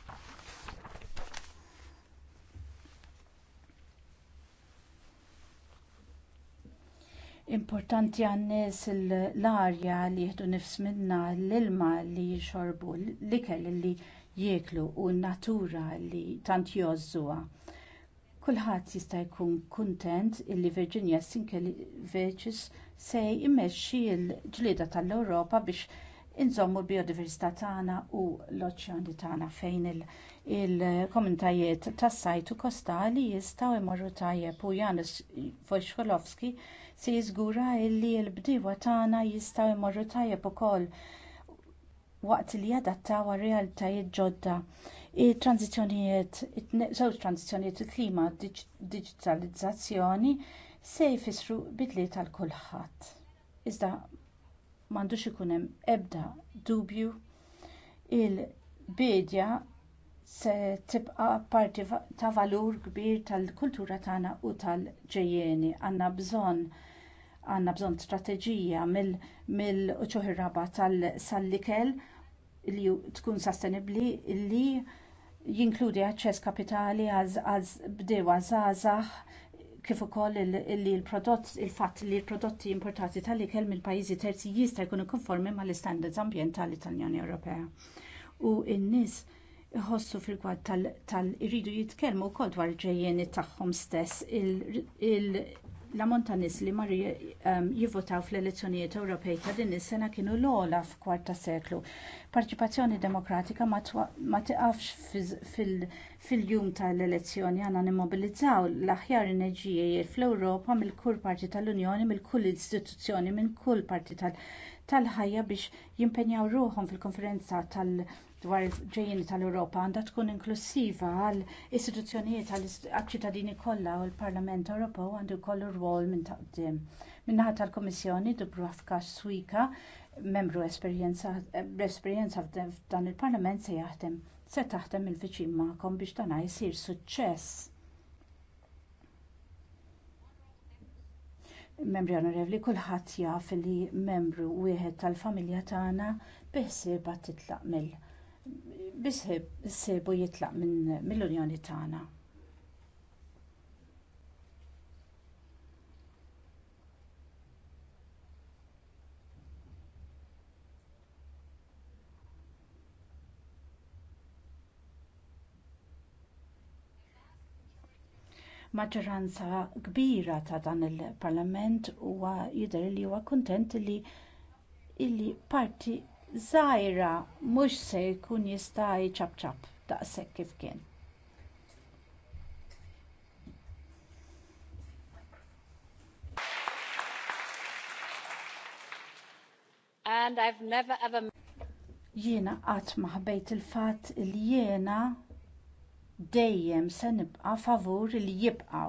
importanti għan-nies l-arja li jieħdu nifs minnha, l-ilma li jxorbu l-ikel li jieklu u n-natura li tant jozzuha. Kulħadd jista' jkun kuntent illi Virginia veċis se jmexxi l-ġlieda tal-Ewropa biex inżommu l-biodiversità tagħna u l-oċjani tagħna fejn il-komunitajiet tas-sajtu kostali jistgħu jmorru tajjeb u Janusz Wojciechowski se jiżgura li l-bdiewa tagħna jistgħu jmorru tajjeb ukoll waqt li jadattaw għar-realtajiet ġodda. Il-tranzizjonijiet, żewġ tranzizjonijiet il-klima digitalizzazzjoni se jfissru bidliet għal kulħadd. Iżda m'għandux ikun hemm ebda dubju il-bidja se tibqa parti ta' valur kbir tal-kultura tagħna u tal-ġejjeni. Għandna bżonn Għandna bżonn strateġija mill-ċoħi raba tal-ikel li tkun sostenibbli li jinkludi aċċess kapitali għal bdewa żgħażagħ kif ukoll li l-prodott il-fatt li l-prodotti importati tal-ikel mill pajjiżi terzi jista' jkunu konformi mal-istandards ambjentali tal-Unjoni Ewropea. U n-nies iħossu fil-kwad tal-iridu jitkellmu wkoll dwar ġejjeni tagħhom stess il l-ammont nies li mar ehm, jivvotaw fl-elezzjonijiet Ewropej ta' din is-sena kienu l-ogħla f'kwart ta' seklu. Parċipazzjoni demokratika ma tiqafx fil-jum tal-elezzjoni għandna nimmobilizzaw l-aħjar enerġiji fl-Ewropa mill-kull parti tal-Unjoni, mill-kull istituzzjoni, minn kull parti tal-ħajja biex jimpenjaw ruħhom fil-konferenza tal-, -tal dwar il-ġejjeni tal-Ewropa għandha tkun inklusiva għall istituzzjonijiet għall-ċittadini kollha u l-Parlament Ewropew għandu jkollu rwol minn taqdim. Min-naħa tal-Kummissjoni Dubravka Swika, membru esperjenza f'dan il-Parlament se jaħdem se taħdem il-viċin magħkom biex dan jsir suċċess. Membri onorevli, kulħadd jaf li membru wieħed tal-familja tagħna biss titlaq mill- biex sebu jitlaq mill-Unjoni tagħna. maġġoranza kbira ta' dan il-Parlament huwa jidher li huwa kuntent li parti żgħira mhux se jkun jista' jċabċab daqshekk kif kien and I've never ever jiena qatt ma ħbejt il-fatt li jiena dejjem se nibqa' favur li jibqgħu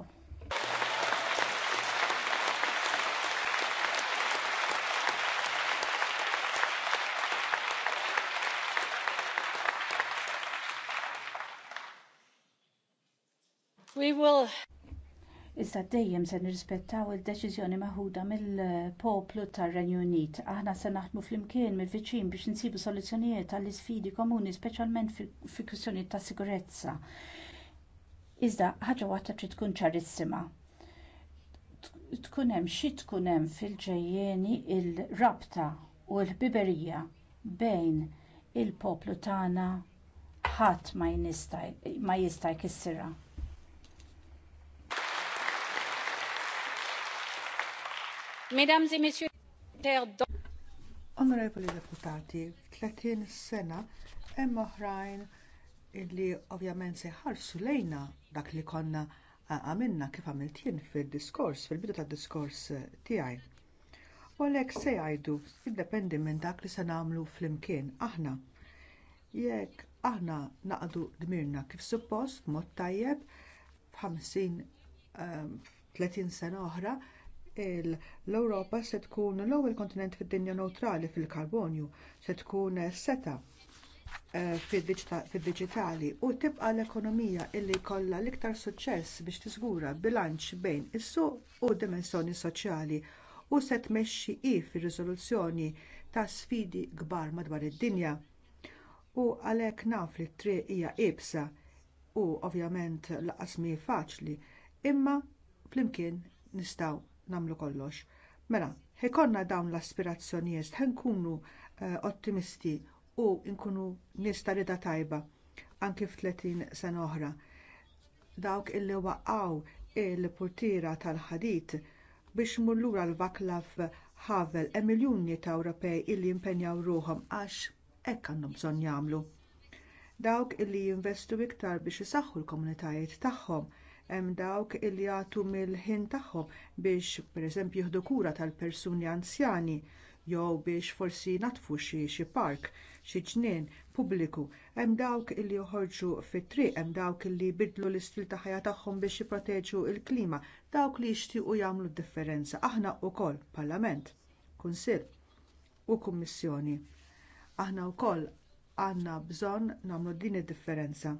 Issa dejjem se nirrispettaw id-deċiżjoni maħuda mill-poplu tar-Renju Unit. Aħna se naħdmu flimkien mill-viċin biex insibu soluzzjonijiet għall isfidi komuni, speċjalment fi kwistjonijiet ta' sigurezza. Iżda ħaġa waħda trid tkun ċarissima. Tkun hemm xi tkun hemm fil-ġejjeni il-rabta u l-ħbiberija bejn il-poplu tagħna ħadd ma jista' jkissirha. Onorevoli deputati, 30 sena hemm oħrajn illi ovvjament se ħarsu lejna dak li konna għamilna kif għamilt jien fil-diskors, fil-bidu tad diskors eh, tiegħi. U għalhekk se jgħidu jiddependi minn dak li se nagħmlu flimkien aħna. Jekk aħna naqdu dmirna kif suppost mod tajjeb f'ħamsin 30 eh, sena oħra, l-Ewropa se tkun l-ewwel kontinent fid-dinja newtrali fil-karbonju, se tkun seta eh, fid-diġitali u tibqa l-ekonomija illi jkollha l-iktar suċċess biex tiżgura bilanċ bejn is-suq u d dimensjoni soċjali u se tmexxi hi fir-riżoluzzjoni ta' sfidi kbar madwar id-dinja. U għalhekk naf li t-triq hija iebsa u ovvjament lanqas mhi faċli, imma flimkien nistgħu nagħmlu kollox. Mela, ħikonna dawn l-aspirazzjonijiet, kunu uh, eh, ottimisti u nkunu nista rida tajba anki f'30 sena oħra. Dawk illi waqgħu il-portira tal-ħadit biex mullura l-Vaklav ħavel hemm miljuni ta' Ewropej illi jimpenjaw ruhom għax hekk għandhom bżonn jagħmlu. Dawk illi jinvestu iktar biex isaħħu l-komunitajiet tagħhom hemm dawk illi jagħtu mill-ħin tagħhom biex pereżempju jieħdu kura tal-persuni anzjani jew biex forsi natfu xi xi park, xi ġnien pubbliku. Hemm dawk illi joħorġu fit-triq, hemm dawk illi jbiddlu l-istil ta' ħajja tagħhom biex jipproteġu l klima dawk li jixtiequ jagħmlu differenza. Aħna wkoll Parlament, Kunsill u Kummissjoni. Aħna wkoll għandna bżonn nagħmlu din id-differenza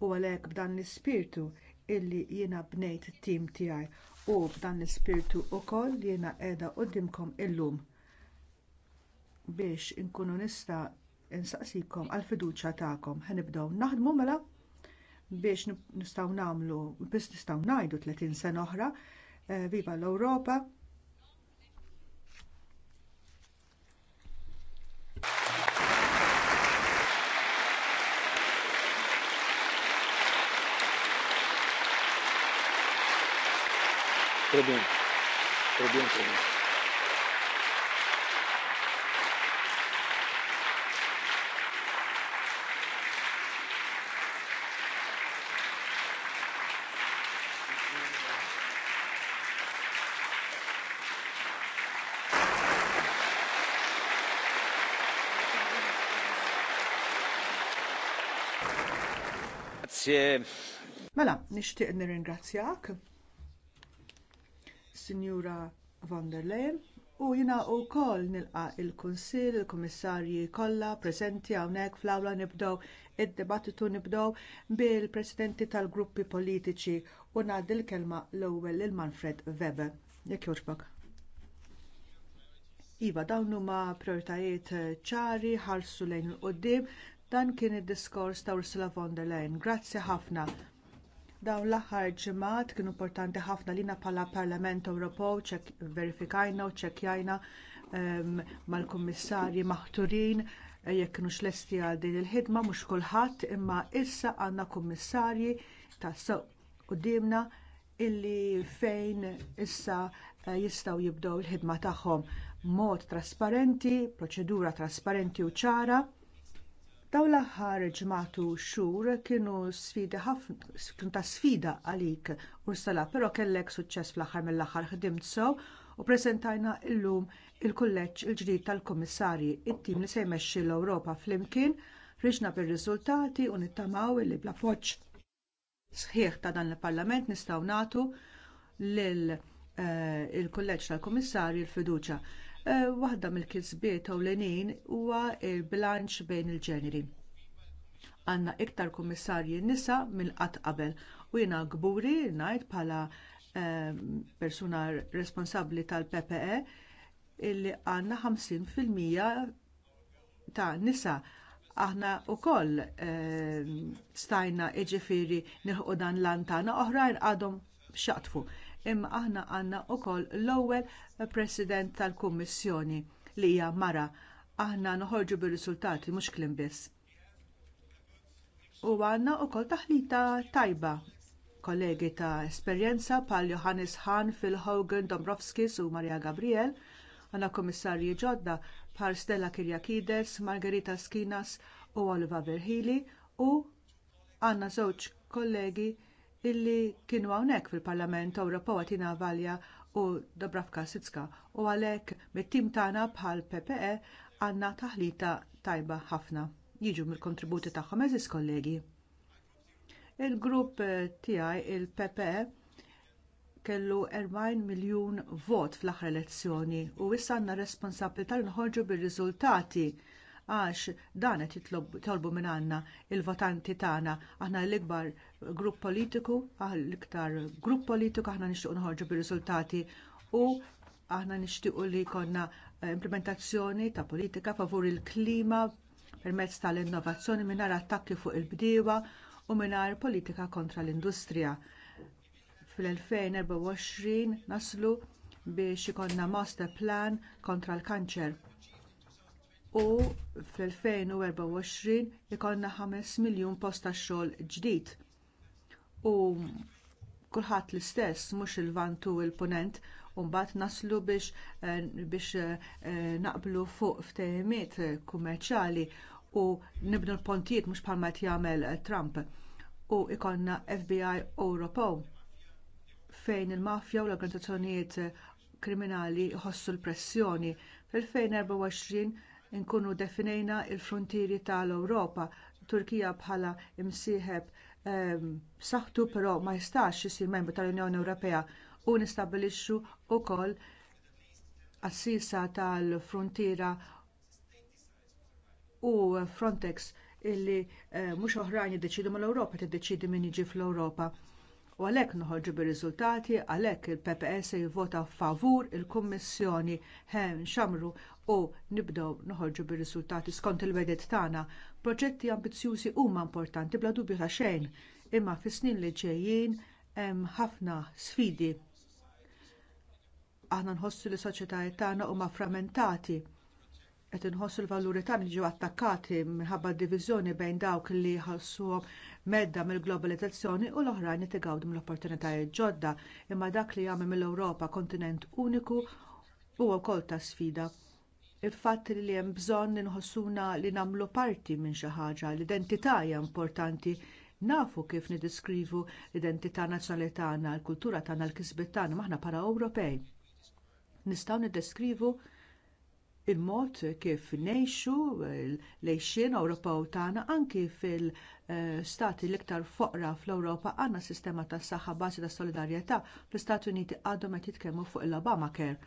u għalhekk b'dan l-ispirtu illi jiena bnejt it-tim tiegħi u b'dan l-ispirtu wkoll li jiena qiegħda quddiemkom illum biex inkunu nista' insaqsikom għall fiduċja tagħkom. Ħanibdew naħdmu mela biex nistgħu nagħmlu biex nistgħu ngħidu 30 sena oħra eh, viva l-Ewropa Problem. Problem, problem. Mela, nixtieq nirringrazzjak Sinjura von der Leyen u jina u kol nilqa il konsil il-Komissarji kollha prezenti hawnhekk fl-awla nibdew id-debattitu nibdew bil-presidenti tal-gruppi politiċi u ngħaddi il kelma l-ewwel lil Manfred Weber. Jekk jogħġbok. Iva, dawn huma prioritajiet ċari ħarsu lejn il-qoddim dan kien id-diskors ta' Ursula von der Leyen. Grazzi ħafna Dawn l-aħħar ġimgħat kienu importanti ħafna lina bħala Parlament Ewropew verifikajna u ċekkjajna ehm, mal-kummissarji maħturin eh, jekk kienu lesti għal din il-ħidma mhux kulħadd imma issa għandna kummissarji soq qudiemna illi fejn issa eh, jistgħu jibdew il-ħidma tagħhom mod trasparenti, proċedura trasparenti u ċara Daw l-aħħar ġmatu xhur kienu sfida ħafna ta' sfida għalik Ursula, però kellek suċċess fl-aħħar mill-aħħar ħdimt sew u ppreżentajna llum il-kulleġġ il-ġdid tal-Kummissarji, it-tim li se jmexxi l-Ewropa flimkien, riġna bir-riżultati u nittamaw li bla poċ sħiħ ta' dan il-Parlament nistgħu nagħtu lil eh, il-kulleġġ tal-Kummissarji l-fiduċja. Eh, waħda mill-kisbiet ewlenin huwa l bilanċ bejn il-ġeneri. Għandna iktar kummissarji nisa minn qatt qabel u jiena gburi ngħid bħala eh, persuna responsabbli tal-PPE illi għandna 50% ta' nisa aħna wkoll eh, stajna jiġifieri nilħu dan l-antana oħrajn għadhom xaqtfu imma aħna għandna wkoll l-ewwel President tal-Kummissjoni li hija mara aħna noħorġu bir-riżultati mhux kliem biss. U għandna wkoll taħlita tajba kollegi ta' esperjenza bħal Johannes Hahn, Phil Hogan, Dombrovskis u Maria Gabriel, għandna kummissarji ġodda bħal Stella Kirjakides, Margherita Skinas u Oliva Verhili u għandna żewġ kollegi illi kienu hawnhekk fil-Parlament Ewropew għatina Valja u Dobravka Sitska u għalhekk mit-tim tagħna bħal PPE għandna taħlita tajba ħafna. Jiġu mill-kontributi tagħhom eżis kollegi. Il-grupp tiegħi il-PPE kellu 40 miljun vot fl-aħħar elezzjoni u issa għandna responsabilità nħorġu bir-riżultati għax dan qed jitlobu minn għandna il-votanti tagħna aħna l-ikbar grupp politiku, l-iktar grupp politiku aħna nixtiequ noħorġu bir-riżultati u aħna nixtiequ li jkollna eh, implementazzjoni ta' politika favur il-klima permezz tal-innovazzjoni mingħajr attakki fuq il-bdiewa u mingħajr politika kontra l-industrija. Fil-2024 naslu biex ikollna master plan kontra l-kanċer u fl-2024 ikollna 5 miljun post ta' xogħol ġdid. U kulħadd l-istess mhux il-vantu l punent u mbagħad naslu biex, eh, biex eh, naqblu fuq ftehimiet eh, kummerċjali u nibnu l-pontijiet mhux bħalma qed jagħmel Trump u ikonna FBI Europol fejn il-mafja u l-organizzazzjonijiet kriminali jħossu l-pressjoni. Fil-2024 nkunu definejna l frontieri tal-Ewropa. Turkija bħala imsieħeb b'saħħtu ehm, però ma jistax isir membru tal-Unjoni Ewropea u nistabilixxu wkoll assisa tal-frontiera u Frontex illi eh, mhux oħrajn jiddeċidu mal-Ewropa tiddeċidi min jiġi fl-Ewropa u għalhekk noħorġu bir-riżultati għalhekk il-PPS e jivvota favur il-Kummissjoni hemm xamru u nibdew noħorġu bir-riżultati skont il-wedet tagħna. Proġetti ambizzjużi huma importanti bla dubju ta' xejn, imma fis-snin li ġejjin hemm ħafna sfidi. Aħna nħossu li soċjetajiet tagħna huma frammentati qed inħoss l-valuri tagħna ġew attakkati minħabba d diviżjoni bejn dawk li jħallsuhom medda mill-globalizzazzjoni u l-oħrajn jitigawdu mill-opportunitajiet ġodda imma dak li jagħmel mill-Ewropa kontinent uniku huwa wkoll ta' sfida. Il-fatt li hemm bżonn inħossuna li nagħmlu parti minn xi ħaġa, l-identità hija importanti nafu kif nidiskrivu l-identità nazzjonali tagħna, l-kultura tagħna, l-kisbiet tagħna maħna bħala Ewropej. Nistgħu niddeskrivu il-mod kif nejxu lejxin u tagħna anki fil-stati l-iktar foqra fl-Ewropa għandna sistema tas saħħa bażi ta' solidarjetà fl-Istati Uniti għadhom qed jitkellmu fuq l Care.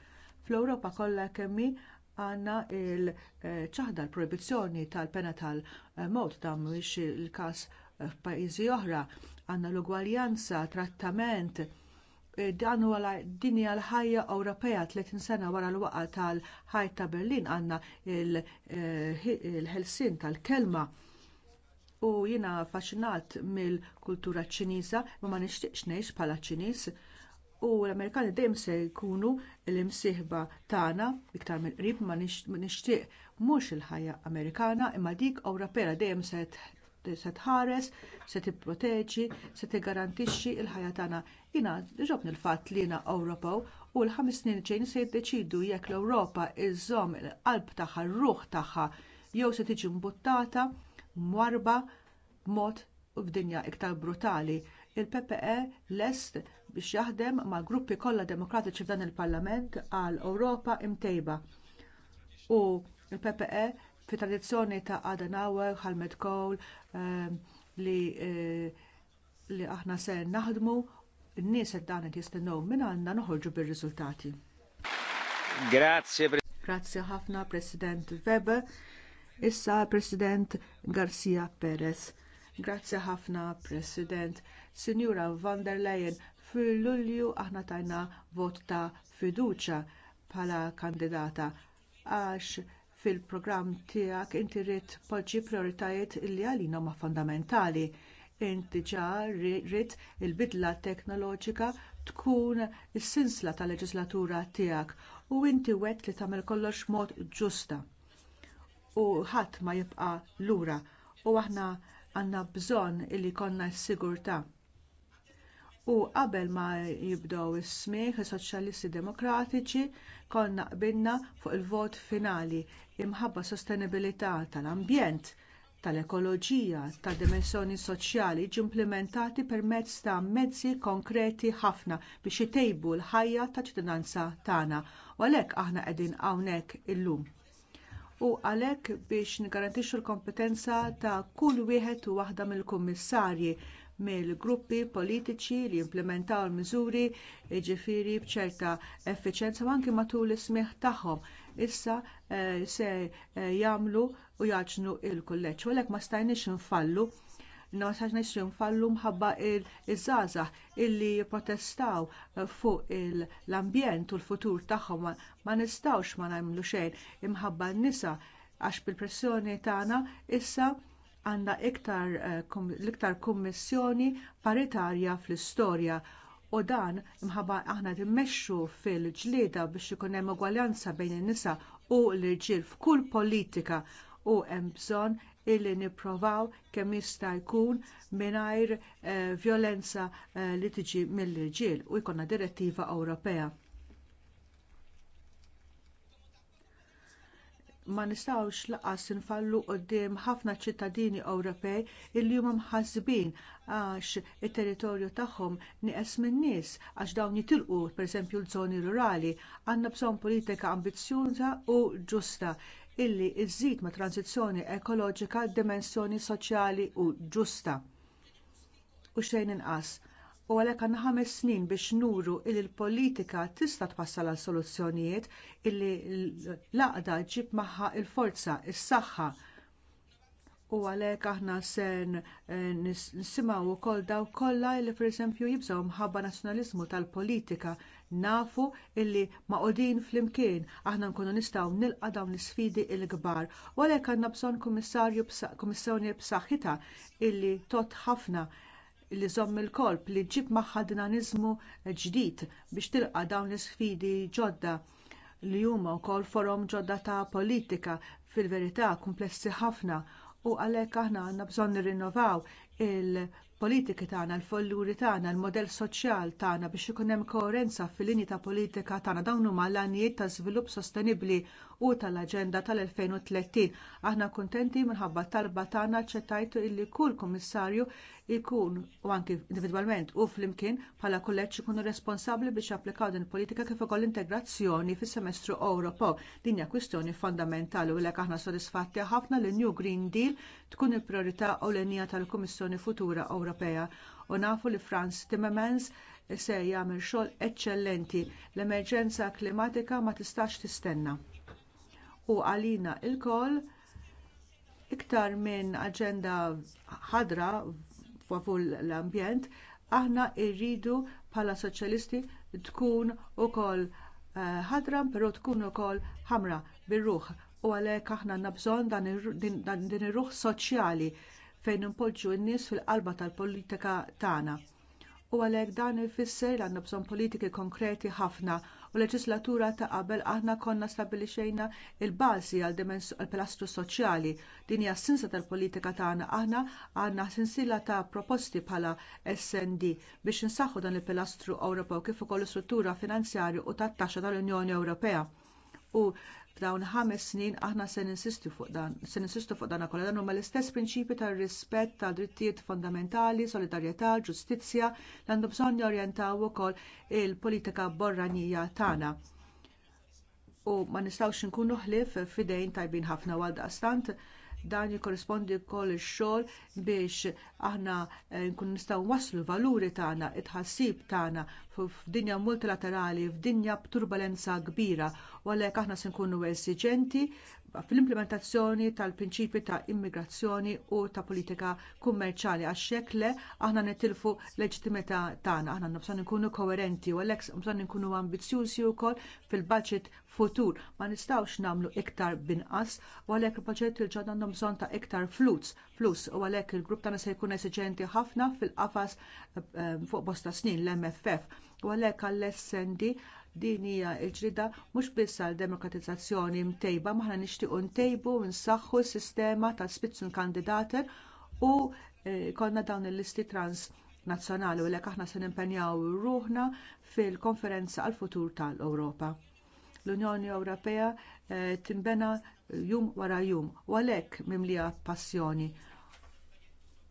Fl-Ewropa kollha kemm għandna il-ċaħda l-proibizzjoni tal-pena tal-mod dan mhuwiex il-każ f'pajjiżi oħra għandna l-ugwaljanza, trattament, Eh, dan huwa din hija l-ħajja Ewropea 30 sena wara l waqqa tal-ħajt ta' Berlin għandna eh, il-ħelsin tal-kelma u jiena faxinat mill-kultura ċiniża ma ma nixtieqx ngħix bħala Ċiniż u l-Amerikani dejjem se jkunu l-imsieħba tagħna iktar mill qrib ma nixtieq mhux il-ħajja Amerikana imma dik Ewropea dejjem se se tħares, se tipproteġi, se tiggarantixxi l ħajja tagħna. Jiena ġobni l-fatt li jiena Ewropew u l-ħames snin ġejjin se jiddeċidu jekk l-Ewropa iżżomm il-qalb tagħha, r-ruħ tagħha jew se tiġi mbuttata mwarba b'mod f'dinja iktar brutali. Il-PPE lest biex jaħdem mal gruppi kollha demokratiċi f'dan il-Parlament għal Ewropa imtejba. U l ppe fi tradizzjoni ta' Adenauer, Halmet Kohl, ehm, li eh, li aħna se naħdmu, n-nies qed dan qed jistennew minn għandna noħorġu bir-riżultati. Grazie. Grazie ħafna President Weber. Issa President Garcia Perez. Grazie ħafna President. Signora van der Leyen, fil-Lulju aħna tajna vot ta' fiduċja bħala kandidata għax fil-programm tiegħek inti rrid poġġi prioritajiet li għalina huma fondamentali. Inti ġa rrid il-bidla teknoloġika tkun is-sinsla tal-leġislatura tiegħek u inti wet li tagħmel kollox mod ġusta u ħadd ma jibqa' lura u aħna għandna bżonn li jkollna s-sigurtà U qabel ma jibdew is-smieħ is-Soċjalisti Demokratiċi konna qbilna fuq il-vot finali imħabba sostenibilità tal-ambjent, tal-ekoloġija, tad dimensjoni soċjali ġi implementati permezz ta' mezzi konkreti ħafna biex itejbu l-ħajja ta' ċittadinanza tagħna u għalhekk aħna qegħdin hawnhekk illum. U għalhekk biex nigarantixxu l-kompetenza ta' kull wieħed u waħda mill-kummissarji mill-gruppi politiċi li jimplementaw l-miżuri jiġifieri bċerta effiċenza anki matul is smigħ tagħhom. Issa eh, se eh, jagħmlu u jaġnu l kulleġġ għalhekk ma stajniex infallu naħsax nisrim fallu mħabba il-żazax illi jipprotestaw eh, fuq l-ambjent u l-futur tagħhom ma nistgħux ma nagħmlu xejn imħabba n-nisa għax bil-pressjoni tagħna issa għandha iktar eh, l-iktar kummissjoni paritarja fl-istorja u dan imħabba aħna timmexxu fil-ġlieda biex ikun hemm egwaljanza bejn in-nisa u l-irġiel f'kull politika u hemm bżonn illi nipprovaw kemm jista' jkun mingħajr eh, vjolenza eh, li tiġi mill-irġiel u jkollna direttiva Ewropea. ma nistgħux laqas infallu quddiem ħafna ċittadini Ewropej illi huma mħassbin għax it-territorju tagħhom nieqes min-nies għax dawn jitilqu pereżempju l-żoni rurali għandna bżonn politika ambizzjuża u ġusta illi żżid ma' transizzjoni ekoloġika dimensjoni soċjali u ġusta. U xejn inqas u għalhekk għandna ħames snin biex nuru li l politika tista' twassal għal soluzzjonijiet illi l għaqda ġib magħha l forza s saħħa u għalhekk aħna ser nisimgħu wkoll dawk kollha li pereżempju jibżgħu mħabba nazzjonaliżmu tal-politika nafu illi maqodin flimkien aħna nkunu nistgħu nilqa' dawn l-isfidi l-kbar. U għalhekk għandna bżonn kummissarju kummissjoni b'saħħitha illi tot ħafna li żomm il-kolb li ġib magħha dinamiżmu ġdid biex tilqa dawn l-isfidi ġodda li huma wkoll forom ġodda ta' politika fil-verità kumplessi ħafna u għalhekk aħna għandna bżonn nirrinnovaw il-politiki tagħna, l-folluri tagħna, il-modell soċjal tagħna biex ikun hemm koerenza fil-linji ta' politika tagħna dawn huma l-għanijiet ta' żvilupp sostenibbli u tal-Aġenda tal-2030. Aħna kuntenti minħabba talba tagħna ċettajtu illi kull kummissarju jkun u anki individwalment u flimkien bħala kulleġġ ikunu responsabbli biex applikaw din politika kif ukoll integrazzjoni fis-semestru Ewropew. Din hija kwistjoni fondamentali u lek aħna sodisfatti ħafna li New Green Deal tkun il-priorità ewlenija tal-Kummissjoni Futura Ewropea. U nafu li Franz Timmermans se jagħmel xogħol eċċellenti. L-emerġenza klimatika ma tistax tistenna u għalina lkoll iktar minn aġenda ħadra favur l-ambjent, aħna rridu bħala soċjalisti tkun ukoll eh, ħadra, però tkun ukoll ħamra bir-ruħ u għalhekk aħna għandna bżonn din ir-ruħ soċjali fejn impoġġu n-nies fil-qalba tal-politika tagħna u għalhekk dan ifisser li għandna bżonn politiki konkreti ħafna u leġislatura ta' qabel aħna konna stabilixejna il-bażi għal pilastru soċjali. Din hija s-sinsa tal-politika tagħna aħna għandna sinsiela ta' proposti bħala SND biex insaħħu dan il-pilastru Ewropew kif ukoll struttura finanzjarju u tat-taxxa tal-Unjoni Ewropea. U f'dawn ħames snin aħna se ninsistu fuq dan, se ninsistu fuq dan kollha dan huma l-istess prinċipji tar-rispett tad drittijiet fondamentali, solidarjetà, ġustizzja li għandhom bżonn jorjentaw ukoll il-politika borranija tagħna. U ma nistgħux inkunu ħlief f'idejn tajbin ħafna għal daqstant dan jikorrispondi wkoll ix-xogħol biex aħna eh, nkun nistgħu waslu valuri tagħna, it-ħassib tagħna f'dinja multilaterali, f'dinja b'turbulenza kbira, u għalhekk aħna se nkunu esiġenti fl-implementazzjoni tal-prinċipi ta' immigrazzjoni u ta' politika kummerċjali għax hekk le aħna nitilfu leġitimità tagħna, aħna nibżgħu nkunu koerenti u għalhekk nibżgħu nkunu ambizzjużi wkoll fil-budget futur. Ma nistgħux nagħmlu iktar binqas u għalhekk il baġit il-ġodda għandhom bżonn ta' iktar flus, flus u għalhekk il-grupp tagħna se jkun esiġenti ħafna fil-qafas eh, fuq bosta snin l-MFF u għalhekk għall-SND Din hija l-ġrida mhux biss għal demokratizzazzjoni mtejba maħna nixtiequ ntejbu nsaħħu s-sistema ta' spitzun kandidater u eh, konna dawn il-listi trans nazzjonali u lek aħna se nimpenjaw ruħna fil-konferenza għall futur tal-Ewropa. L-Unjoni Ewropea eh, tinbena jum wara jum u għalhekk mimlija passjoni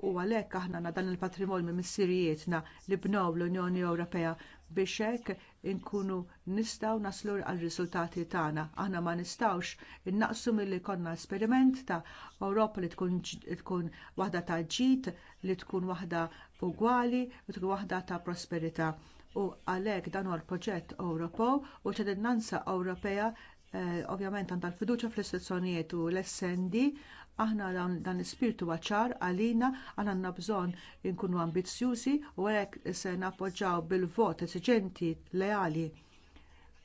u għalhekk aħna għandna dan il-patrimonju minn missierijietna li bnew l-Unjoni Ewropea biex hekk inkunu nistgħu naslu għal riżultati tagħna. Aħna ma nistgħux innaqsu milli jkollna esperiment ta' Ewropa li tkun waħda ta' ġid, li tkun waħda ugwali, li tkun waħda ta' prosperità. U għalhekk dan huwa l-proġett Ewropew u ċedinanza Ewropea eh, ovvjament għandha l-fiduċja fl-istituzzjonijiet u l-SND Aħna dan, dan ispirtu ċar għalina aħna għandna bżonn inkunu ambizzjużi u hekk se nappoġġjaw bil-vot esiġenti leali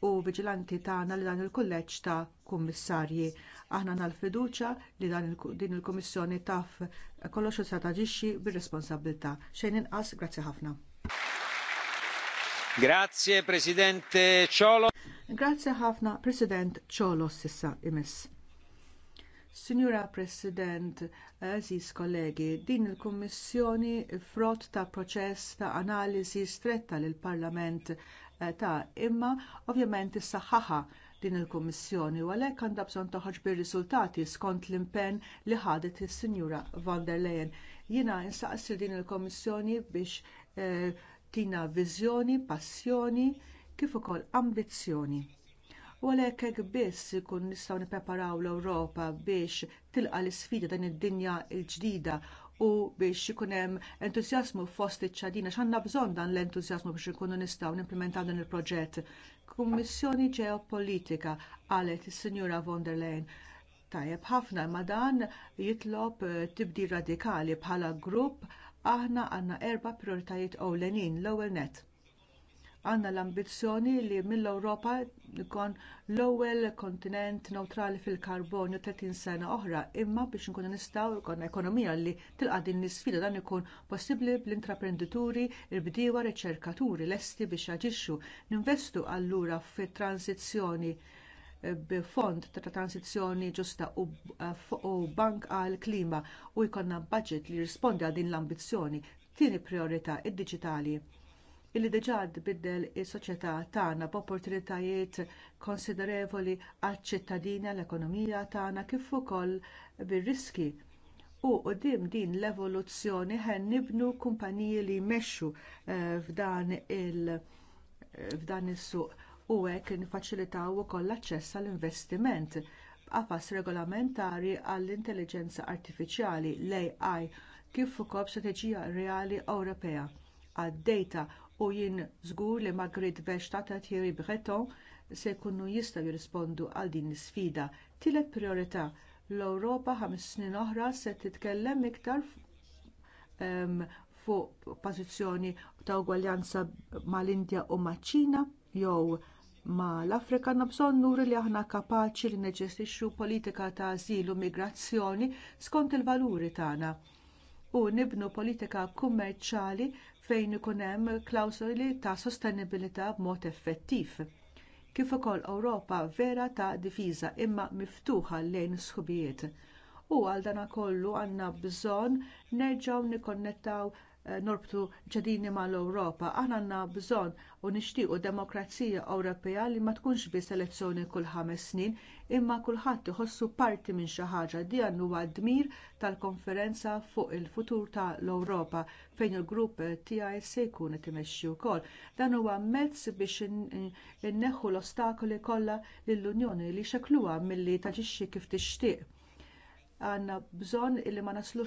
u viġilanti tagħna li dan il-kulleġġ ta' kummissarji. Aħna l fiduċja li din il-Kummissjoni taf kollox se taġixxi bir-responsabilità. Xejn inqas, grazzi ħafna. Grazie Presidente Ciolo. Grazie ħafna President Ciolo sissa imiss. Sinjura President, eżis kollegi, din il-Kummissjoni frott ta' proċess ta' analiżi stretta lill parlament eh, ta' imma ovvjament issaħħaħa din il-Kummissjoni u għalhekk għandha bżonn toħroġ bir-riżultati skont l-impenn li ħadet is-Sinjura von der Leyen. Jiena insaqsi din il-Kummissjoni biex eh, tina viżjoni, passjoni kif ukoll ambizzjoni U għalhekk hekk biss ikun nistgħu nippreparaw l-Ewropa biex tilqa l-isfida dan id-dinja l-ġdida u biex ikun hemm entużjażmu fost iċ-ċadina x'għandna bżonn dan l-entużjażmu biex ikunu nistgħu nimplementaw dan il-proġett. Kummissjoni Ġeopolitika qalet is-Sinjura von der Leyen tajjeb ħafna ma dan jitlob tibdil radikali bħala grupp aħna għandna erba' prijoritajiet ewlenin l-ewwel nett Għandna l-ambizzjoni li mill-Ewropa jkun l-ewwel kontinent newtrali fil-karbonju 30 sena oħra, imma biex nkunu nistgħu jkollna ekonomija li tilqa' din l-isfida dan ikun possibbli bl-intraprendituri, il-bdiewa, riċerkaturi lesti biex jaġixxu. Ninvestu allura fit-transizzjoni eh, b'fond ta' transizzjoni ġusta u eh, bank għall klima u jkollna budget li jirrispondi għal din l-ambizzjoni. Tieni priorità id-diġitali illi diġà tbiddel is-soċjetà tagħna b'opportunitajiet konsiderevoli għaċ-ċittadini għall-ekonomija tagħna kif ukoll bir-riski. U quddiem din l-evoluzzjoni ħen nibnu kumpaniji li jmexxu eh, f'dan il- f'dan is-suq u hekk nifaċilitaw ukoll l-aċċess għall-investiment b'qafas regolamentari għall-intelligenza artifiċjali l-AI kif ukoll strateġija reali Ewropea għad-data u jien żgur li Magrit Verstadt ta' Thierry Breton se jkunu jistgħu jirrispondu għal din l-isfida. Tielet priorità l-Ewropa ħames snin oħra se titkellem iktar fuq pożizzjoni ta' ugwaljanza mal-Indja u maċ-Ċina jew mal afrika għandna bżonn nuri li aħna kapaċi li neġestixxu politika ta' u migrazzjoni skont il-valuri tagħna u nibnu politika kummerċjali fejn ikun hemm klawsoli ta' sostenibilità b'mod effettiv. Kif ukoll Ewropa vera ta' difiża imma miftuħa lejn sħubijiet u għal dana kollu għanna bżon nerġaw nikonnettaw Eh, norbtu ġedini mal-Ewropa. Aħna għandna bżonn u nixtiequ demokrazija Ewropea li ma tkunx biss elezzjoni kull ħames snin, imma kulħadd iħossu parti minn xi ħaġa di huwa dmir tal-konferenza fuq il-futur tal ewropa fejn il-grupp tiegħi se jkun qed imexxi wkoll. Dan huwa mezz biex inneħħu l-ostakoli kollha lill-Unjoni li xekluha milli taġixxi kif tixtieq għanna bżonn illi ma naslux